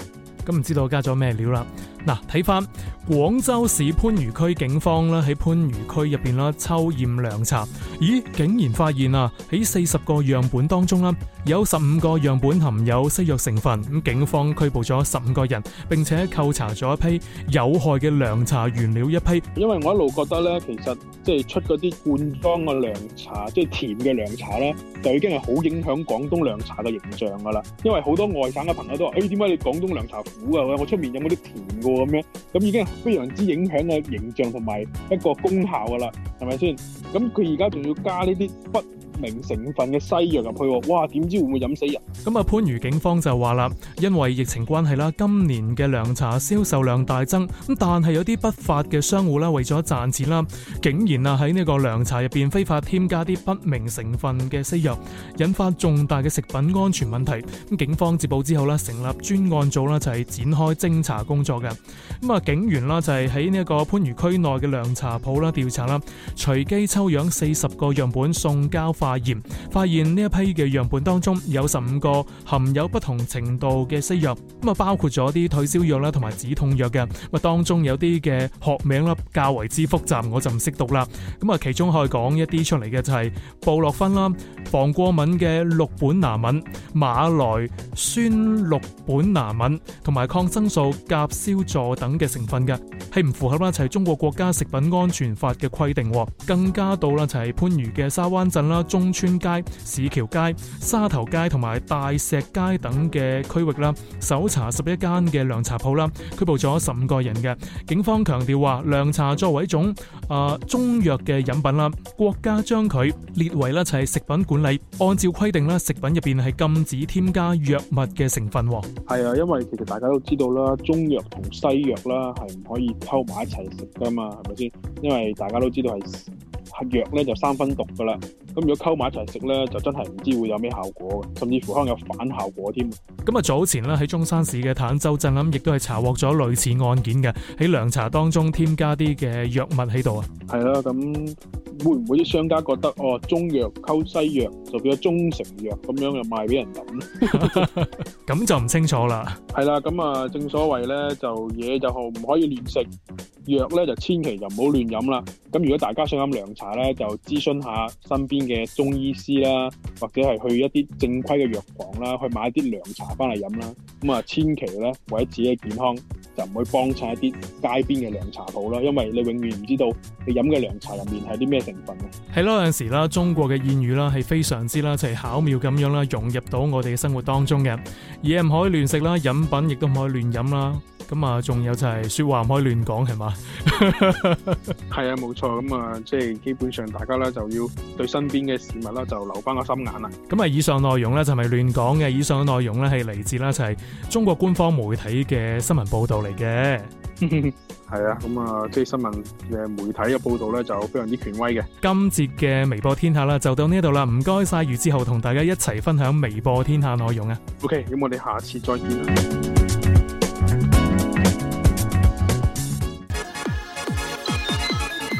咁唔知道加咗咩料啦。嗱，睇翻廣州市番禺區警方咧，喺番禺區入邊啦，抽驗涼茶，咦，竟然發現啊喺四十個樣本當中啦，有十五個樣本含有西藥成分。咁警方拘捕咗十五個人，並且扣查咗一批有害嘅涼茶原料一批。
因為我一路覺得呢，其實即係出嗰啲罐裝嘅涼茶，即係甜嘅涼茶呢，就已經係好影響廣東涼茶嘅形象噶啦。因為好多外省嘅朋友都話，誒點解你廣東涼茶苦啊？我出面飲嗰啲甜㗎。咁樣咁已經非常之影響嘅形象同埋一個功效噶啦，係咪先？咁佢而家仲要加呢啲不名成分嘅
西藥入去，哇！點知會唔會飲死人？咁啊，番禺警方就話啦，因為疫情關係啦，今年嘅涼茶銷售量大增，咁但係有啲不法嘅商戶啦，為咗賺錢啦，竟然啊喺呢個涼茶入邊非法添加啲不明成分嘅西藥，引發重大嘅食品安全問題。咁警方接報之後咧，成立專案組啦，就係展開偵查工作嘅。咁啊，警員啦就係喺呢個番禺區內嘅涼茶鋪啦調查啦，隨機抽樣四十個樣本送交化驗發現呢一批嘅樣本當中有十五個含有不同程度嘅西藥，咁啊包括咗啲退燒藥啦同埋止痛藥嘅，咁啊當中有啲嘅學名啦較為之複雜，我就唔識讀啦。咁啊其中可以講一啲出嚟嘅就係布洛芬啦、防過敏嘅氯苯那敏、馬來酸氯苯那敏同埋抗生素甲硝唑等嘅成分嘅，係唔符合啦，就係中國國家食品安全法嘅規定。更加到啦就係番禺嘅沙灣鎮啦。東村街、市橋街、沙頭街同埋大石街等嘅區域啦，搜查十一間嘅涼茶鋪啦，拘捕咗十五個人嘅。警方強調話，涼茶作為一種誒、呃、中藥嘅飲品啦，國家將佢列為就係食品管理，按照規定咧，食品入邊係禁止添加藥物嘅成分。係
啊，因為其實大家都知道啦，中藥同西藥啦係唔可以溝埋一齊食噶嘛，係咪先？因為大家都知道係。係藥咧就三分毒噶啦，咁如果溝埋一齊食咧，就真係唔知會有咩效果，甚至乎可能有反效果添。
咁啊早前咧喺中山市嘅坦洲鎮咁，亦都係查獲咗類似案件嘅，喺涼茶當中添加啲嘅藥物喺度啊。
係啦，咁會唔會啲商家覺得哦中藥溝西藥就變咗中成藥咁樣， [LAUGHS] [LAUGHS] 樣就賣俾人飲咧？
咁就唔清楚啦。
係啦，咁啊正所謂咧就嘢，就唔可以亂食，藥咧就千祈就唔好亂飲啦。咁如果大家想飲涼，茶咧就諮詢下身邊嘅中醫師啦，或者係去一啲正規嘅藥房啦，去買啲涼茶翻嚟飲啦。咁、嗯、啊，千祈咧為咗自己嘅健康，就唔會幫襯一啲街邊嘅涼茶鋪啦，因為你永遠唔知道你飲嘅涼茶入面係啲咩成分啊。
係咯，有陣時啦，中國嘅諺語啦係非常之啦，就係巧妙咁樣啦融入到我哋嘅生活當中嘅嘢唔可以亂食啦，飲品亦都唔可以亂飲啦。咁 [LAUGHS] 啊，仲有就係說話唔可以亂講，係嘛？
係啊，冇錯，咁啊，即係基本上大家咧就要對身邊嘅事物啦，就留翻個心眼啦。
咁啊，以上內容咧就唔係亂講嘅，以上嘅內容咧係嚟自啦，就係中國官方媒體嘅新聞報道嚟嘅。係 [LAUGHS] 啊，咁啊，
即係新聞嘅媒體嘅報道咧就非常之權威嘅。
今節嘅微播天下啦，就到呢度啦，唔該晒。預之後同大家一齊分享微播天下內容啊。
OK，咁我哋下次再見啦。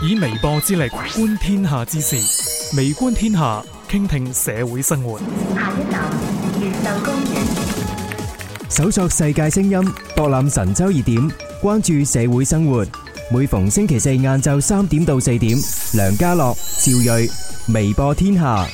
以微博之力觀天下之事，微觀天下，傾聽社會生活。下一樓越秀公園，搜索世界聲音，博覽神州熱點，關注社會生活。每逢星期四晏晝三點到四點，梁家樂、趙睿，微播天下。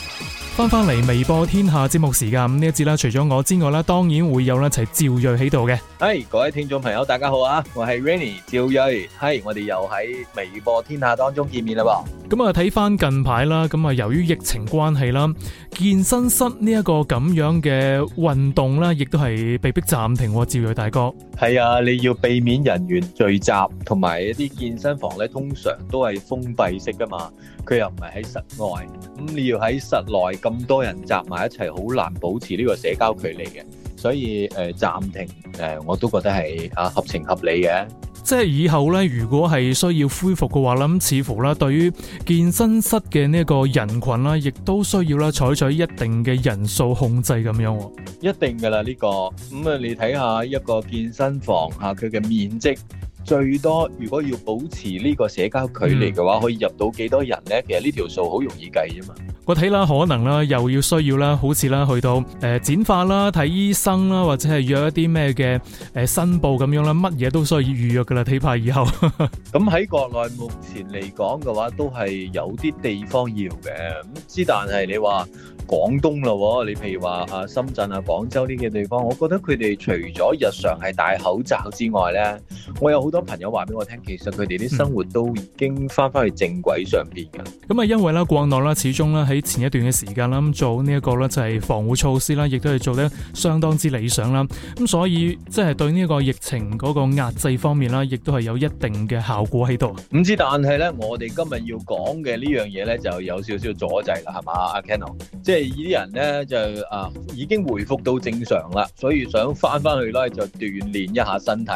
翻返嚟《微播天下》節目時間，呢一節啦，除咗我之外啦，當然會有啦，齊趙睿喺度嘅。
誒，各位聽眾朋友，大家好啊，我係 Rainy 趙睿，係、hey, 我哋又喺《微播天下》當中見面啦噃。
咁啊，睇翻近排啦，咁啊，由於疫情關係啦，健身室呢一個咁樣嘅運動啦，亦都係被逼暫停喎，趙宇大哥。
係啊，你要避免人員聚集，同埋一啲健身房咧，通常都係封閉式噶嘛，佢又唔係喺室外，咁你要喺室內咁多人集埋一齊，好難保持呢個社交距離嘅，所以誒暫停誒我都覺得係啊合情合理嘅。
即係以後咧，如果係需要恢復嘅話咧，咁似乎咧，對於健身室嘅呢個人群啦，亦都需要啦，採取一定嘅人數控制咁樣。一
定噶啦呢個，咁、嗯、啊，你睇下一個健身房啊，佢嘅面積最多，如果要保持呢個社交距離嘅話，嗯、可以入到幾多人咧？其實呢條數好容易計啊嘛。
我睇啦，可能啦，又要需要啦，好似啦去到誒剪髮啦、睇醫生啦，或者係約一啲咩嘅誒申報咁樣啦，乜嘢都需要預約噶啦，睇怕以後。
咁喺國內目前嚟講嘅話，都係有啲地方要嘅。咁之但係你話廣東啦，你譬如話啊深圳啊、廣州呢啲地方，我覺得佢哋除咗日常係戴口罩之外咧，我有好多朋友話俾我聽，其實佢哋啲生活都已經翻返去正軌上邊
嘅。咁啊，因為啦國內啦，始終咧。喺前一段嘅時間啦，做呢一個咧就係防護措施啦，亦都係做得相當之理想啦。咁所以即係、就是、對呢一個疫情嗰個壓制方面啦，亦都係有一定嘅效果喺度。唔知但係咧，
我哋今日要講嘅呢樣嘢咧，就有少少阻滯啦，係嘛？阿 Kenon，n 即係啲人咧就啊已經恢復到正常啦，所以想返返去咧就鍛鍊一下身體。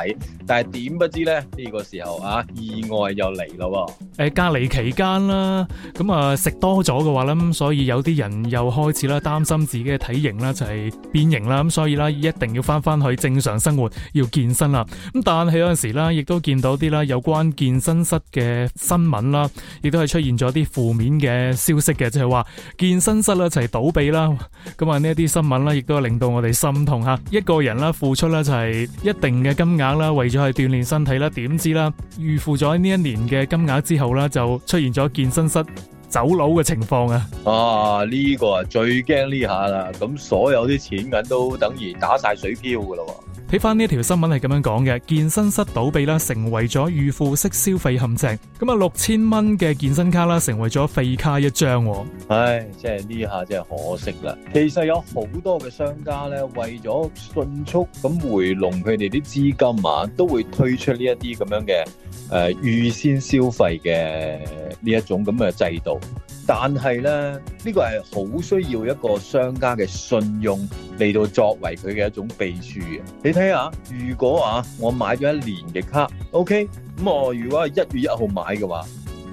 但係點不知咧呢、呢個時候啊意外又嚟咯喎！
誒隔離期間啦，咁啊食多咗嘅話咧。咁所以有啲人又開始啦，擔心自己嘅體型啦，就係變形啦。咁所以啦，一定要翻翻去正常生活，要健身啦。咁但係有陣時啦，亦都見到啲啦有關健身室嘅新聞啦，亦都係出現咗啲負面嘅消息嘅，即係話健身室就係倒閉啦。咁啊呢一啲新聞啦，亦都係令到我哋心痛吓。一個人啦，付出啦就係一定嘅金額啦，為咗係鍛煉身體啦，點知啦預付咗呢一年嘅金額之後呢就出現咗健身室走佬嘅情況啊！
啊呢、這個啊最驚呢下啦，咁所有啲錢銀都等於打晒水漂噶咯。
睇翻呢一條新聞係咁樣講嘅，健身室倒閉啦，成為咗預付式消費陷阱。咁啊，六千蚊嘅健身卡啦，成為咗廢卡一張。唉、
哎，即係呢下真係可惜啦。其實有好多嘅商家咧，為咗迅速咁回籠佢哋啲資金啊，都會推出呢一啲咁樣嘅誒、呃、預先消費嘅呢一種咁嘅制度。但係咧，呢、呢個係好需要一個商家嘅信用嚟到作為佢嘅一種備註嘅。你睇下、啊，如果啊我買咗一年嘅卡，OK，咁我如果係一月一號買嘅話，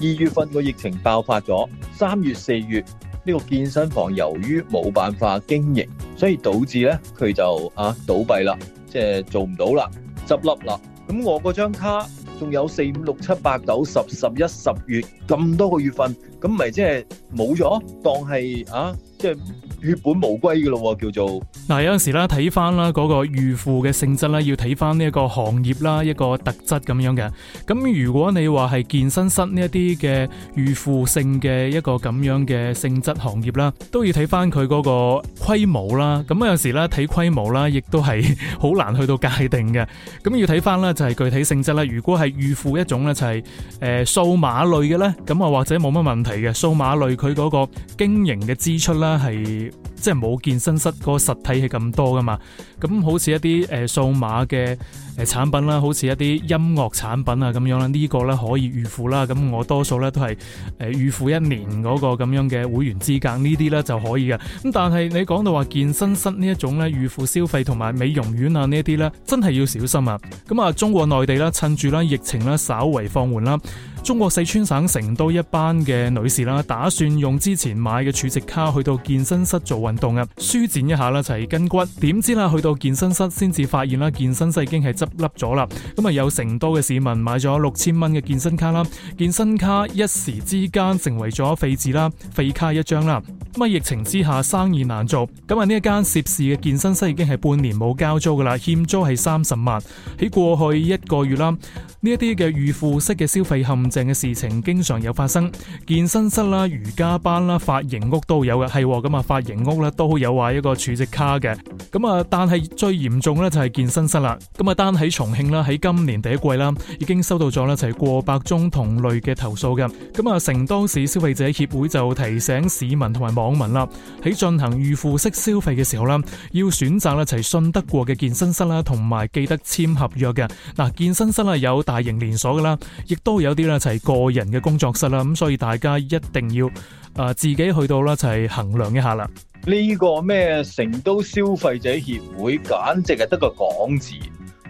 二月份個疫情爆發咗，三月四月呢、呢個健身房由於冇辦法經營，所以導致呢，佢就啊倒閉啦，即係做唔到啦，執笠啦。咁我嗰張卡。仲有四五六七八九十十一十月咁多個月份，咁咪即係冇咗，當係啊，即係血本無歸嘅咯，叫做。
嗱，啊，有陣時咧睇翻啦，嗰個預付嘅性質咧，要睇翻呢一個行業啦，一個特質咁樣嘅。咁如果你話係健身室呢一啲嘅預付性嘅一個咁樣嘅性質行業啦，都要睇翻佢嗰個規模啦。咁有陣時咧睇規模啦，亦都係好難去到界定嘅。咁要睇翻啦，就係具體性質啦。如果係係預付一種咧、就是，就係誒數碼類嘅咧，咁啊或者冇乜問題嘅數碼類，佢嗰個經營嘅支出咧係。即係冇健身室嗰個實體係咁多噶嘛，咁好似一啲誒數碼嘅誒產品啦，好似一啲音樂產品啊咁樣啦，呢個咧可以預付啦。咁我多數咧都係誒預付一年嗰個咁樣嘅會員資格，呢啲咧就可以嘅。咁但係你講到話健身室呢一種咧預付消費同埋美容院啊呢啲咧真係要小心啊。咁啊，中國內地啦，趁住啦疫情啦稍為放緩啦。中國四川省成都一班嘅女士啦，打算用之前買嘅儲值卡去到健身室做運動啊，舒展一下啦，就係筋骨。點知啦，去到健身室先至發現啦，健身室已經係執笠咗啦。咁啊，有成都嘅市民買咗六千蚊嘅健身卡啦，健身卡一時之間成為咗廢紙啦，廢卡一張啦。咁啊，疫情之下生意難做，咁啊呢一間涉事嘅健身室已經係半年冇交租噶啦，欠租係三十萬。喺過去一個月啦，呢一啲嘅預付式嘅消費陷阱，正嘅事情經常有發生，健身室啦、瑜伽班啦、髮型屋都有嘅，係咁啊！髮型屋咧都有話一個儲值卡嘅，咁啊，但係最嚴重咧就係健身室啦。咁啊，單喺重慶啦，喺今年第一季啦，已經收到咗咧就係過百宗同類嘅投訴嘅。咁啊，成都市消費者協會就提醒市民同埋網民啦，喺進行預付式消費嘅時候啦，要選擇咧就係信得過嘅健身室啦，同埋記得簽合約嘅。嗱，健身室啦有大型連鎖嘅啦，亦都有啲咧。係個人嘅工作室啦，咁所以大家一定要誒、呃、自己去到啦，就係、是、衡量一下啦。
呢個咩成都消費者協會簡直係得個講字。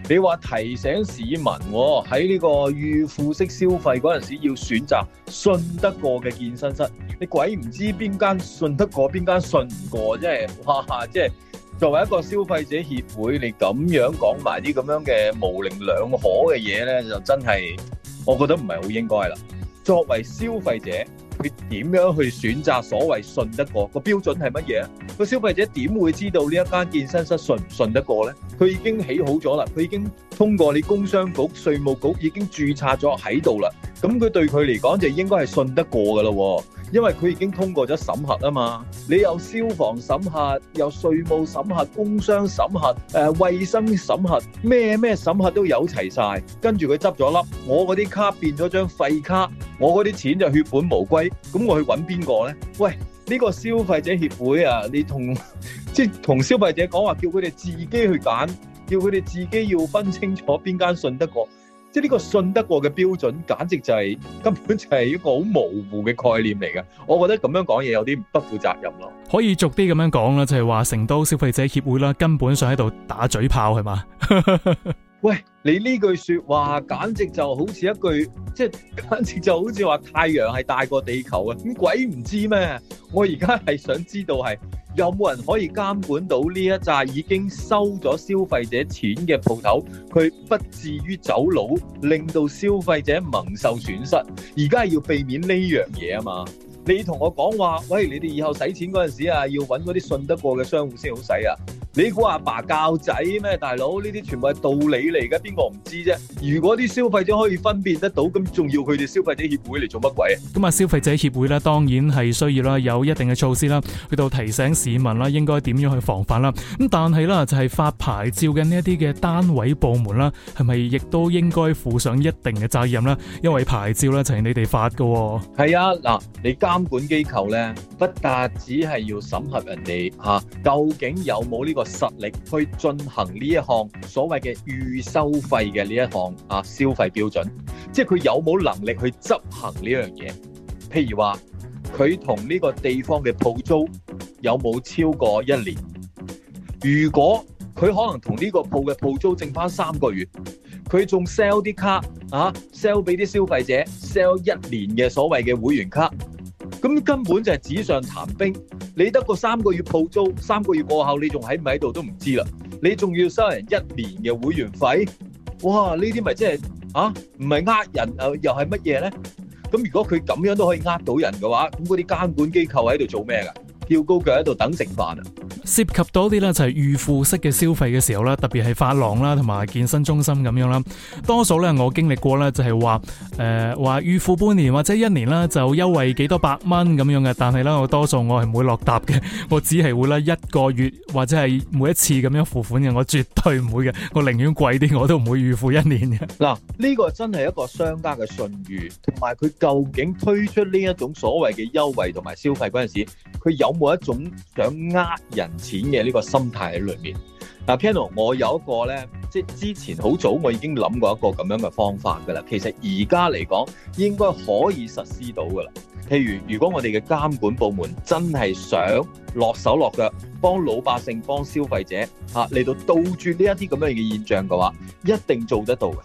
你話提醒市民喺、哦、呢個預付式消費嗰陣時要選擇信得過嘅健身室，你鬼唔知邊間信得過邊間信唔過，即係哈，即係作為一個消費者協會，你咁樣講埋啲咁樣嘅模棱兩可嘅嘢咧，就真係。我覺得唔係好應該啦。作為消費者，點樣去選擇所謂信得過、個標準係乜嘢啊？個消費者點會知道呢一間健身室信唔信得過呢？佢已經起好咗啦，佢已經通過你工商局、稅務局已經注冊咗喺度啦。咁佢對佢嚟講就應該係信得過噶啦，因為佢已經通過咗審核啊嘛。你有消防審核、有稅務審核、工商審核、誒、呃、衛生審核，咩咩審核都有齊晒。跟住佢執咗粒，我嗰啲卡變咗張廢卡，我嗰啲錢就血本無歸。咁我去揾邊個呢？喂，呢個消費者協會啊，你同即係同消費者講話，叫佢哋自己去揀，叫佢哋自己要分清楚邊間信得過。即係呢個信得過嘅標準，簡直就係根本就係一個好模糊嘅概念嚟嘅。我覺得咁樣講嘢有啲不負責任咯。
可以逐啲咁樣講啦，就係話成都消費者協會啦，根本上喺度打嘴炮係嘛？ [LAUGHS]
喂，你呢句說話簡直就好似一句，即係簡直就好似話太陽係大過地球啊！咁鬼唔知咩？我而家係想知道係有冇人可以監管到呢一紮已經收咗消費者錢嘅鋪頭，佢不至於走佬，令到消費者蒙受損失。而家係要避免呢樣嘢啊嘛！你同我講話，喂，你哋以後使錢嗰陣時啊，要揾嗰啲信得過嘅商戶先好使啊！你估阿爸教仔咩，大佬？呢啲全部係道理嚟嘅，邊個唔知啫？如果啲消費者可以分辨得到，咁仲要佢哋消費者協會嚟做乜鬼啊？
咁啊，消費者協會咧，當然係需要啦，有一定嘅措施啦，去到提醒市民啦，應該點樣去防範啦。咁但係啦，就係發牌照嘅呢一啲嘅單位部門啦，係咪亦都應該負上一定嘅責任啦？因為牌照咧就係你哋發噶。係啊，嗱，
你監管機構咧，不但只係要審核人哋吓，究竟有冇呢個。實力去進行呢一項所謂嘅預收費嘅呢一項啊消費標準，即係佢有冇能力去執行呢樣嘢？譬如話佢同呢個地方嘅鋪租有冇超過一年？如果佢可能同呢個鋪嘅鋪租剩翻三個月，佢仲 sell 啲卡啊，sell 俾啲消費者，sell 一年嘅所謂嘅會員卡。咁根本就係紙上談兵，你得個三個月鋪租，三個月過後你仲喺唔喺度都唔知啦，你仲要收人一年嘅會員費，哇！呢啲咪即係啊，唔係呃人啊，又係乜嘢咧？咁如果佢咁樣都可以呃到人嘅話，咁嗰啲監管機構喺度做咩㗎？跳高腳喺度等食飯
啊！涉及到啲咧就係預付式嘅消費嘅時候咧，特別係髮廊啦同埋健身中心咁樣啦，多數咧我經歷過咧就係話誒話預付半年或者一年啦就優惠幾多百蚊咁樣嘅，但係咧我多數我係唔會落答嘅，我只係會咧一個月或者係每一次咁樣付款嘅，我絕對唔會嘅，我寧願貴啲我都唔會預付一年嘅。嗱，
呢個真係一個商家嘅信譽，同埋佢究竟推出呢一種所謂嘅優惠同埋消費嗰陣時，佢有。冇一種想呃人錢嘅呢個心態喺裏面。嗱、啊，Panel，我有一個咧，即係之前好早我已經諗過一個咁樣嘅方法噶啦。其實而家嚟講，應該可以實施到噶啦。譬如如果我哋嘅監管部門真係想落手落腳，幫老百姓、幫消費者吓嚟、啊、到杜絕呢一啲咁樣嘅現象嘅話，一定做得到嘅。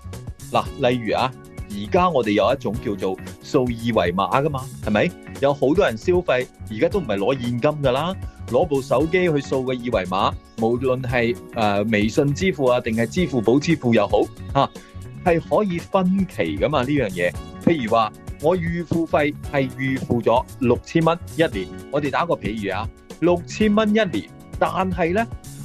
嗱、啊，例如啊。而家我哋有一種叫做掃二維碼噶嘛，係咪？有好多人消費，而家都唔係攞現金噶啦，攞部手機去掃個二維碼，無論係誒微信支付啊，定係支付寶支付又好，嚇、啊、係可以分期噶嘛呢樣嘢。譬如話，我預付費係預付咗六千蚊一年，我哋打個比喻啊，六千蚊一年，但係呢。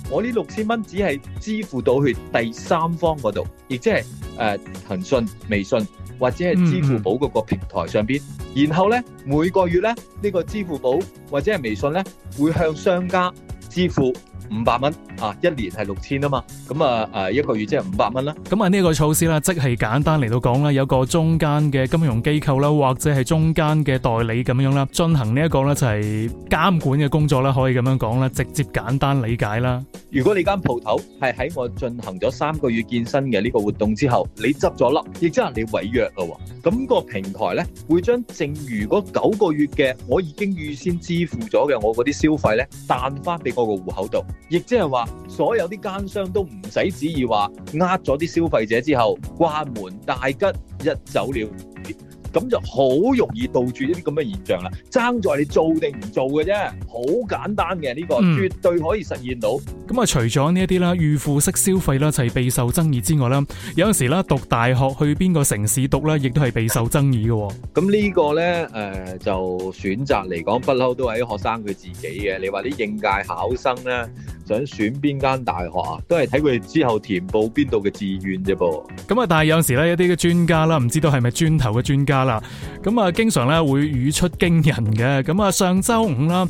我呢六千蚊只係支付到去第三方嗰度，亦即係誒騰訊、微信或者係支付寶嗰個平台上邊，然後咧每個月咧呢個支付寶或者係微信咧會向商家支付。五百蚊啊，一年係六千啊嘛，咁啊誒一個月即係五百蚊啦。
咁啊呢個措施啦，即係簡單嚟到講啦，有個中間嘅金融機構啦，或者係中間嘅代理咁樣啦，進行呢一個咧就係監管嘅工作啦，可以咁樣講啦，直接簡單理解啦。
如果你間鋪頭係喺我進行咗三個月健身嘅呢個活動之後，你執咗笠，亦即係你違約啦。咁個平台咧會將剩餘嗰九個月嘅我已經預先支付咗嘅我嗰啲消費咧，彈翻俾我個戶口度。亦即係話，是說所有啲奸商都唔使旨意話，呃咗啲消費者之後，關門大吉，一走了之。咁就好容易導致呢啲咁嘅現象啦，爭在你做定唔做嘅啫，好簡單嘅呢、呢個，嗯、絕對可以實現到。
咁啊，除咗呢一啲啦，預付式消費啦，就係備受爭議之外啦，有陣時啦，讀大學去邊個城市讀啦，亦都係備受爭議嘅。
咁呢個咧、呃，就選擇嚟講，不嬲都係啲學生佢自己嘅。你話啲應屆考生咧？想選邊間大學啊，都係睇佢之後填報邊度嘅志願啫噃。
咁啊，但係有時咧，一啲嘅專家啦，唔知道係咪磚頭嘅專家啦，咁啊，經常咧會語出驚人嘅。咁啊，上周五啦。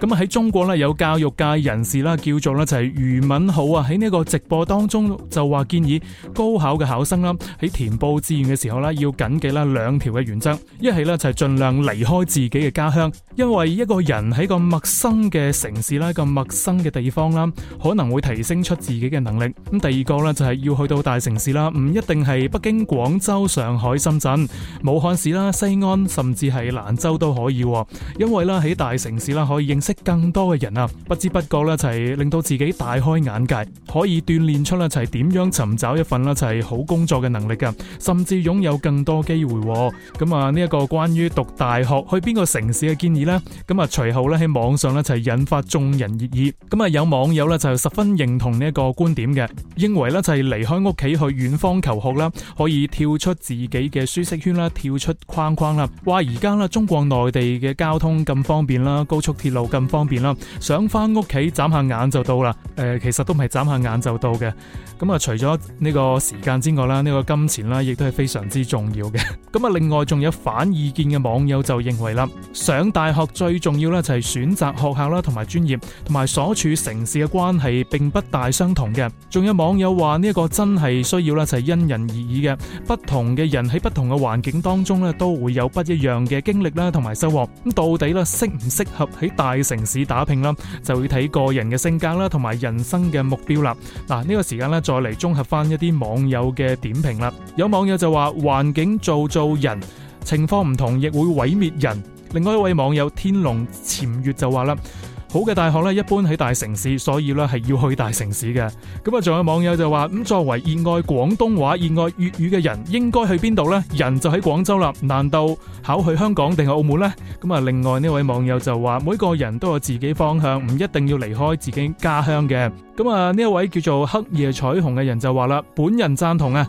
咁喺中國咧有教育界人士啦，叫做咧就係俞敏洪啊，喺呢個直播當中就話建議高考嘅考生啦，喺填報志願嘅時候呢，要謹記啦兩條嘅原則，一係呢，就係、是、盡量離開自己嘅家鄉，因為一個人喺個陌生嘅城市啦、一個陌生嘅地方啦，可能會提升出自己嘅能力。咁第二個呢，就係、是、要去到大城市啦，唔一定係北京、廣州、上海、深圳、武漢市啦、西安，甚至係蘭州都可以，哦，因為呢，喺大城市啦可以認識識更多嘅人啊，不知不覺咧就係令到自己大開眼界，可以鍛煉出咧就係點樣尋找一份咧就係好工作嘅能力噶，甚至擁有更多機會哦。咁啊呢一個關於讀大學去邊個城市嘅建議咧，咁啊隨後咧喺網上咧就係引發眾人熱議。咁啊有網友咧就十分認同呢一個觀點嘅，認為咧就係離開屋企去遠方求學啦，可以跳出自己嘅舒適圈啦，跳出框框啦。話而家啦中國內地嘅交通咁方便啦，高速鐵路咁方便啦，想翻屋企眨下眼就到啦。誒、呃，其實都唔係眨下眼就到嘅。咁啊，除咗呢個時間之外啦，呢個金錢啦，亦都係非常之重要嘅。咁啊，另外仲有反意見嘅網友就認為啦，上大學最重要呢，就係選擇學校啦，同埋專業，同埋所處城市嘅關係，並不大相同嘅。仲有網友話呢個真係需要咧就係因人而異嘅，不同嘅人喺不同嘅環境當中呢，都會有不一樣嘅經歷啦，同埋收穫。咁到底呢，適唔適合喺大？城市打拼啦，就要睇個人嘅性格啦，同埋人生嘅目標啦。嗱，呢個時間咧，再嚟綜合翻一啲網友嘅點評啦。有網友就話，環境造造人，情況唔同亦會毀滅人。另外一位網友天龍潛月就話啦。好嘅大學咧，一般喺大城市，所以咧係要去大城市嘅。咁啊，仲有網友就話：咁作為熱愛廣東話、熱愛粵語嘅人，應該去邊度呢？人就喺廣州啦，難道考去香港定係澳門呢？咁啊，另外呢位網友就話：每個人都有自己方向，唔一定要離開自己家鄉嘅。咁啊，呢一位叫做黑夜彩虹嘅人就話啦：本人贊同啊，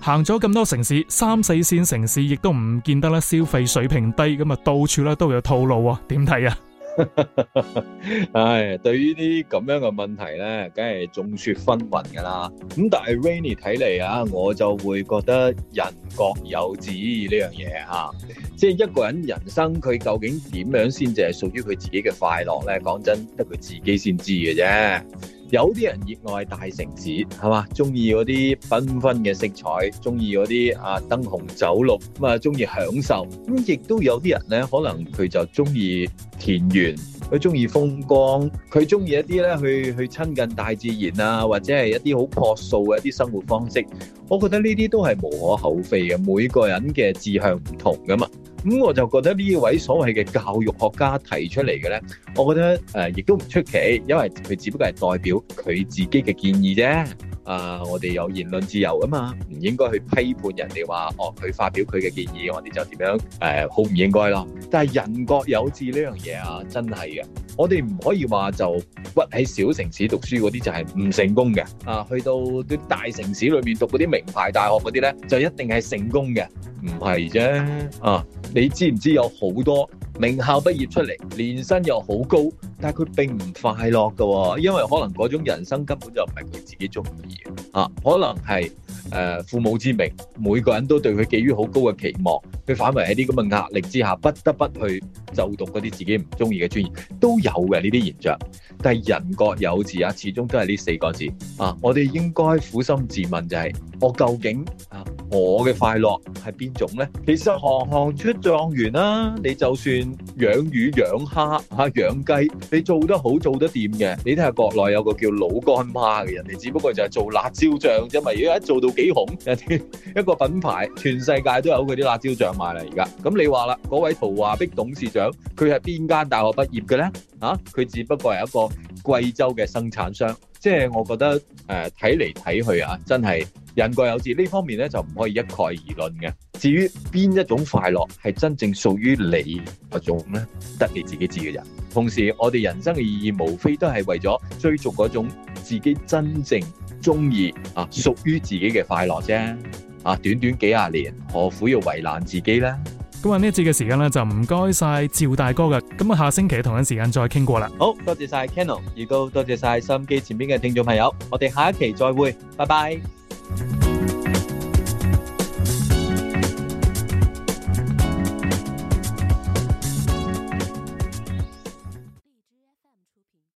行咗咁多城市，三四線城市亦都唔見得啦，消費水平低，咁啊，到處咧都有套路喎。點睇啊？
[LAUGHS] 唉，對於啲咁樣嘅問題呢，梗係眾說紛紜噶啦。咁但係 Rainy 睇嚟啊，我就會覺得人各有志呢樣嘢啊，即係一個人人生佢究竟點樣先至係屬於佢自己嘅快樂呢？講真，得佢自己先知嘅啫。有啲人熱愛大城市，係嘛？中意嗰啲繽紛嘅色彩，中意嗰啲啊燈紅酒綠，咁啊中意享受。咁亦都有啲人咧，可能佢就中意田園，佢中意風光，佢中意一啲咧去去親近大自然啊，或者係一啲好樸素嘅一啲生活方式。我覺得呢啲都係無可厚非嘅，每個人嘅志向唔同㗎嘛。咁我就覺得呢位所謂嘅教育學家提出嚟嘅呢，我覺得呃、亦都唔出奇，因為佢只不過係代表佢自己嘅建議啫。啊！我哋有言論自由啊嘛，唔應該去批判人哋話，哦佢發表佢嘅建議，我哋就點樣誒？好、呃、唔應該咯。但係人各有志呢樣嘢啊，真係嘅。我哋唔可以話就屈喺小城市讀書嗰啲就係唔成功嘅。啊，去到啲大城市裏面讀嗰啲名牌大學嗰啲咧，就一定係成功嘅。唔係啫啊！你知唔知有好多？名校畢業出嚟，年薪又好高，但係佢並唔快樂嘅、哦，因為可能嗰種人生根本就唔係佢自己中意嘅。啊，可能係誒、呃、父母之名，每個人都對佢寄予好高嘅期望，佢反為喺啲咁嘅壓力之下，不得不去就讀嗰啲自己唔中意嘅專業，都有嘅呢啲現象。但係人各有志啊，始終都係呢四個字啊，我哋應該苦心自問就係、是、我究竟啊？我嘅快樂係邊種呢？其實行行出狀元啦，你就算養魚、養蝦、嚇養雞，你做得好、做得掂嘅，你睇下國內有個叫老乾媽嘅人，佢只不過就係做辣椒醬啫嘛。而家做到幾紅，一一個品牌，全世界都有佢啲辣椒醬賣啦。而家咁你話啦，嗰位陶華碧董事長，佢係邊間大學畢業嘅呢？啊，佢只不過係一個貴州嘅生產商。即係我覺得誒，睇嚟睇去啊，真係人各有志呢方面咧，就唔可以一概而論嘅。至於邊一種快樂係真正屬於你嗰種咧，得你自己知嘅人。同時，我哋人生嘅意義，無非都係為咗追逐嗰種自己真正中意啊，屬於自己嘅快樂啫。啊，短短幾十年，何苦要為難自己咧？
今日呢一節嘅時間咧，就唔該晒趙大哥嘅。咁啊下星期同一時間再傾過啦。
好多謝晒 Kennel，亦都多謝晒收音機前邊嘅聽眾朋友，我哋下一期再會，拜拜。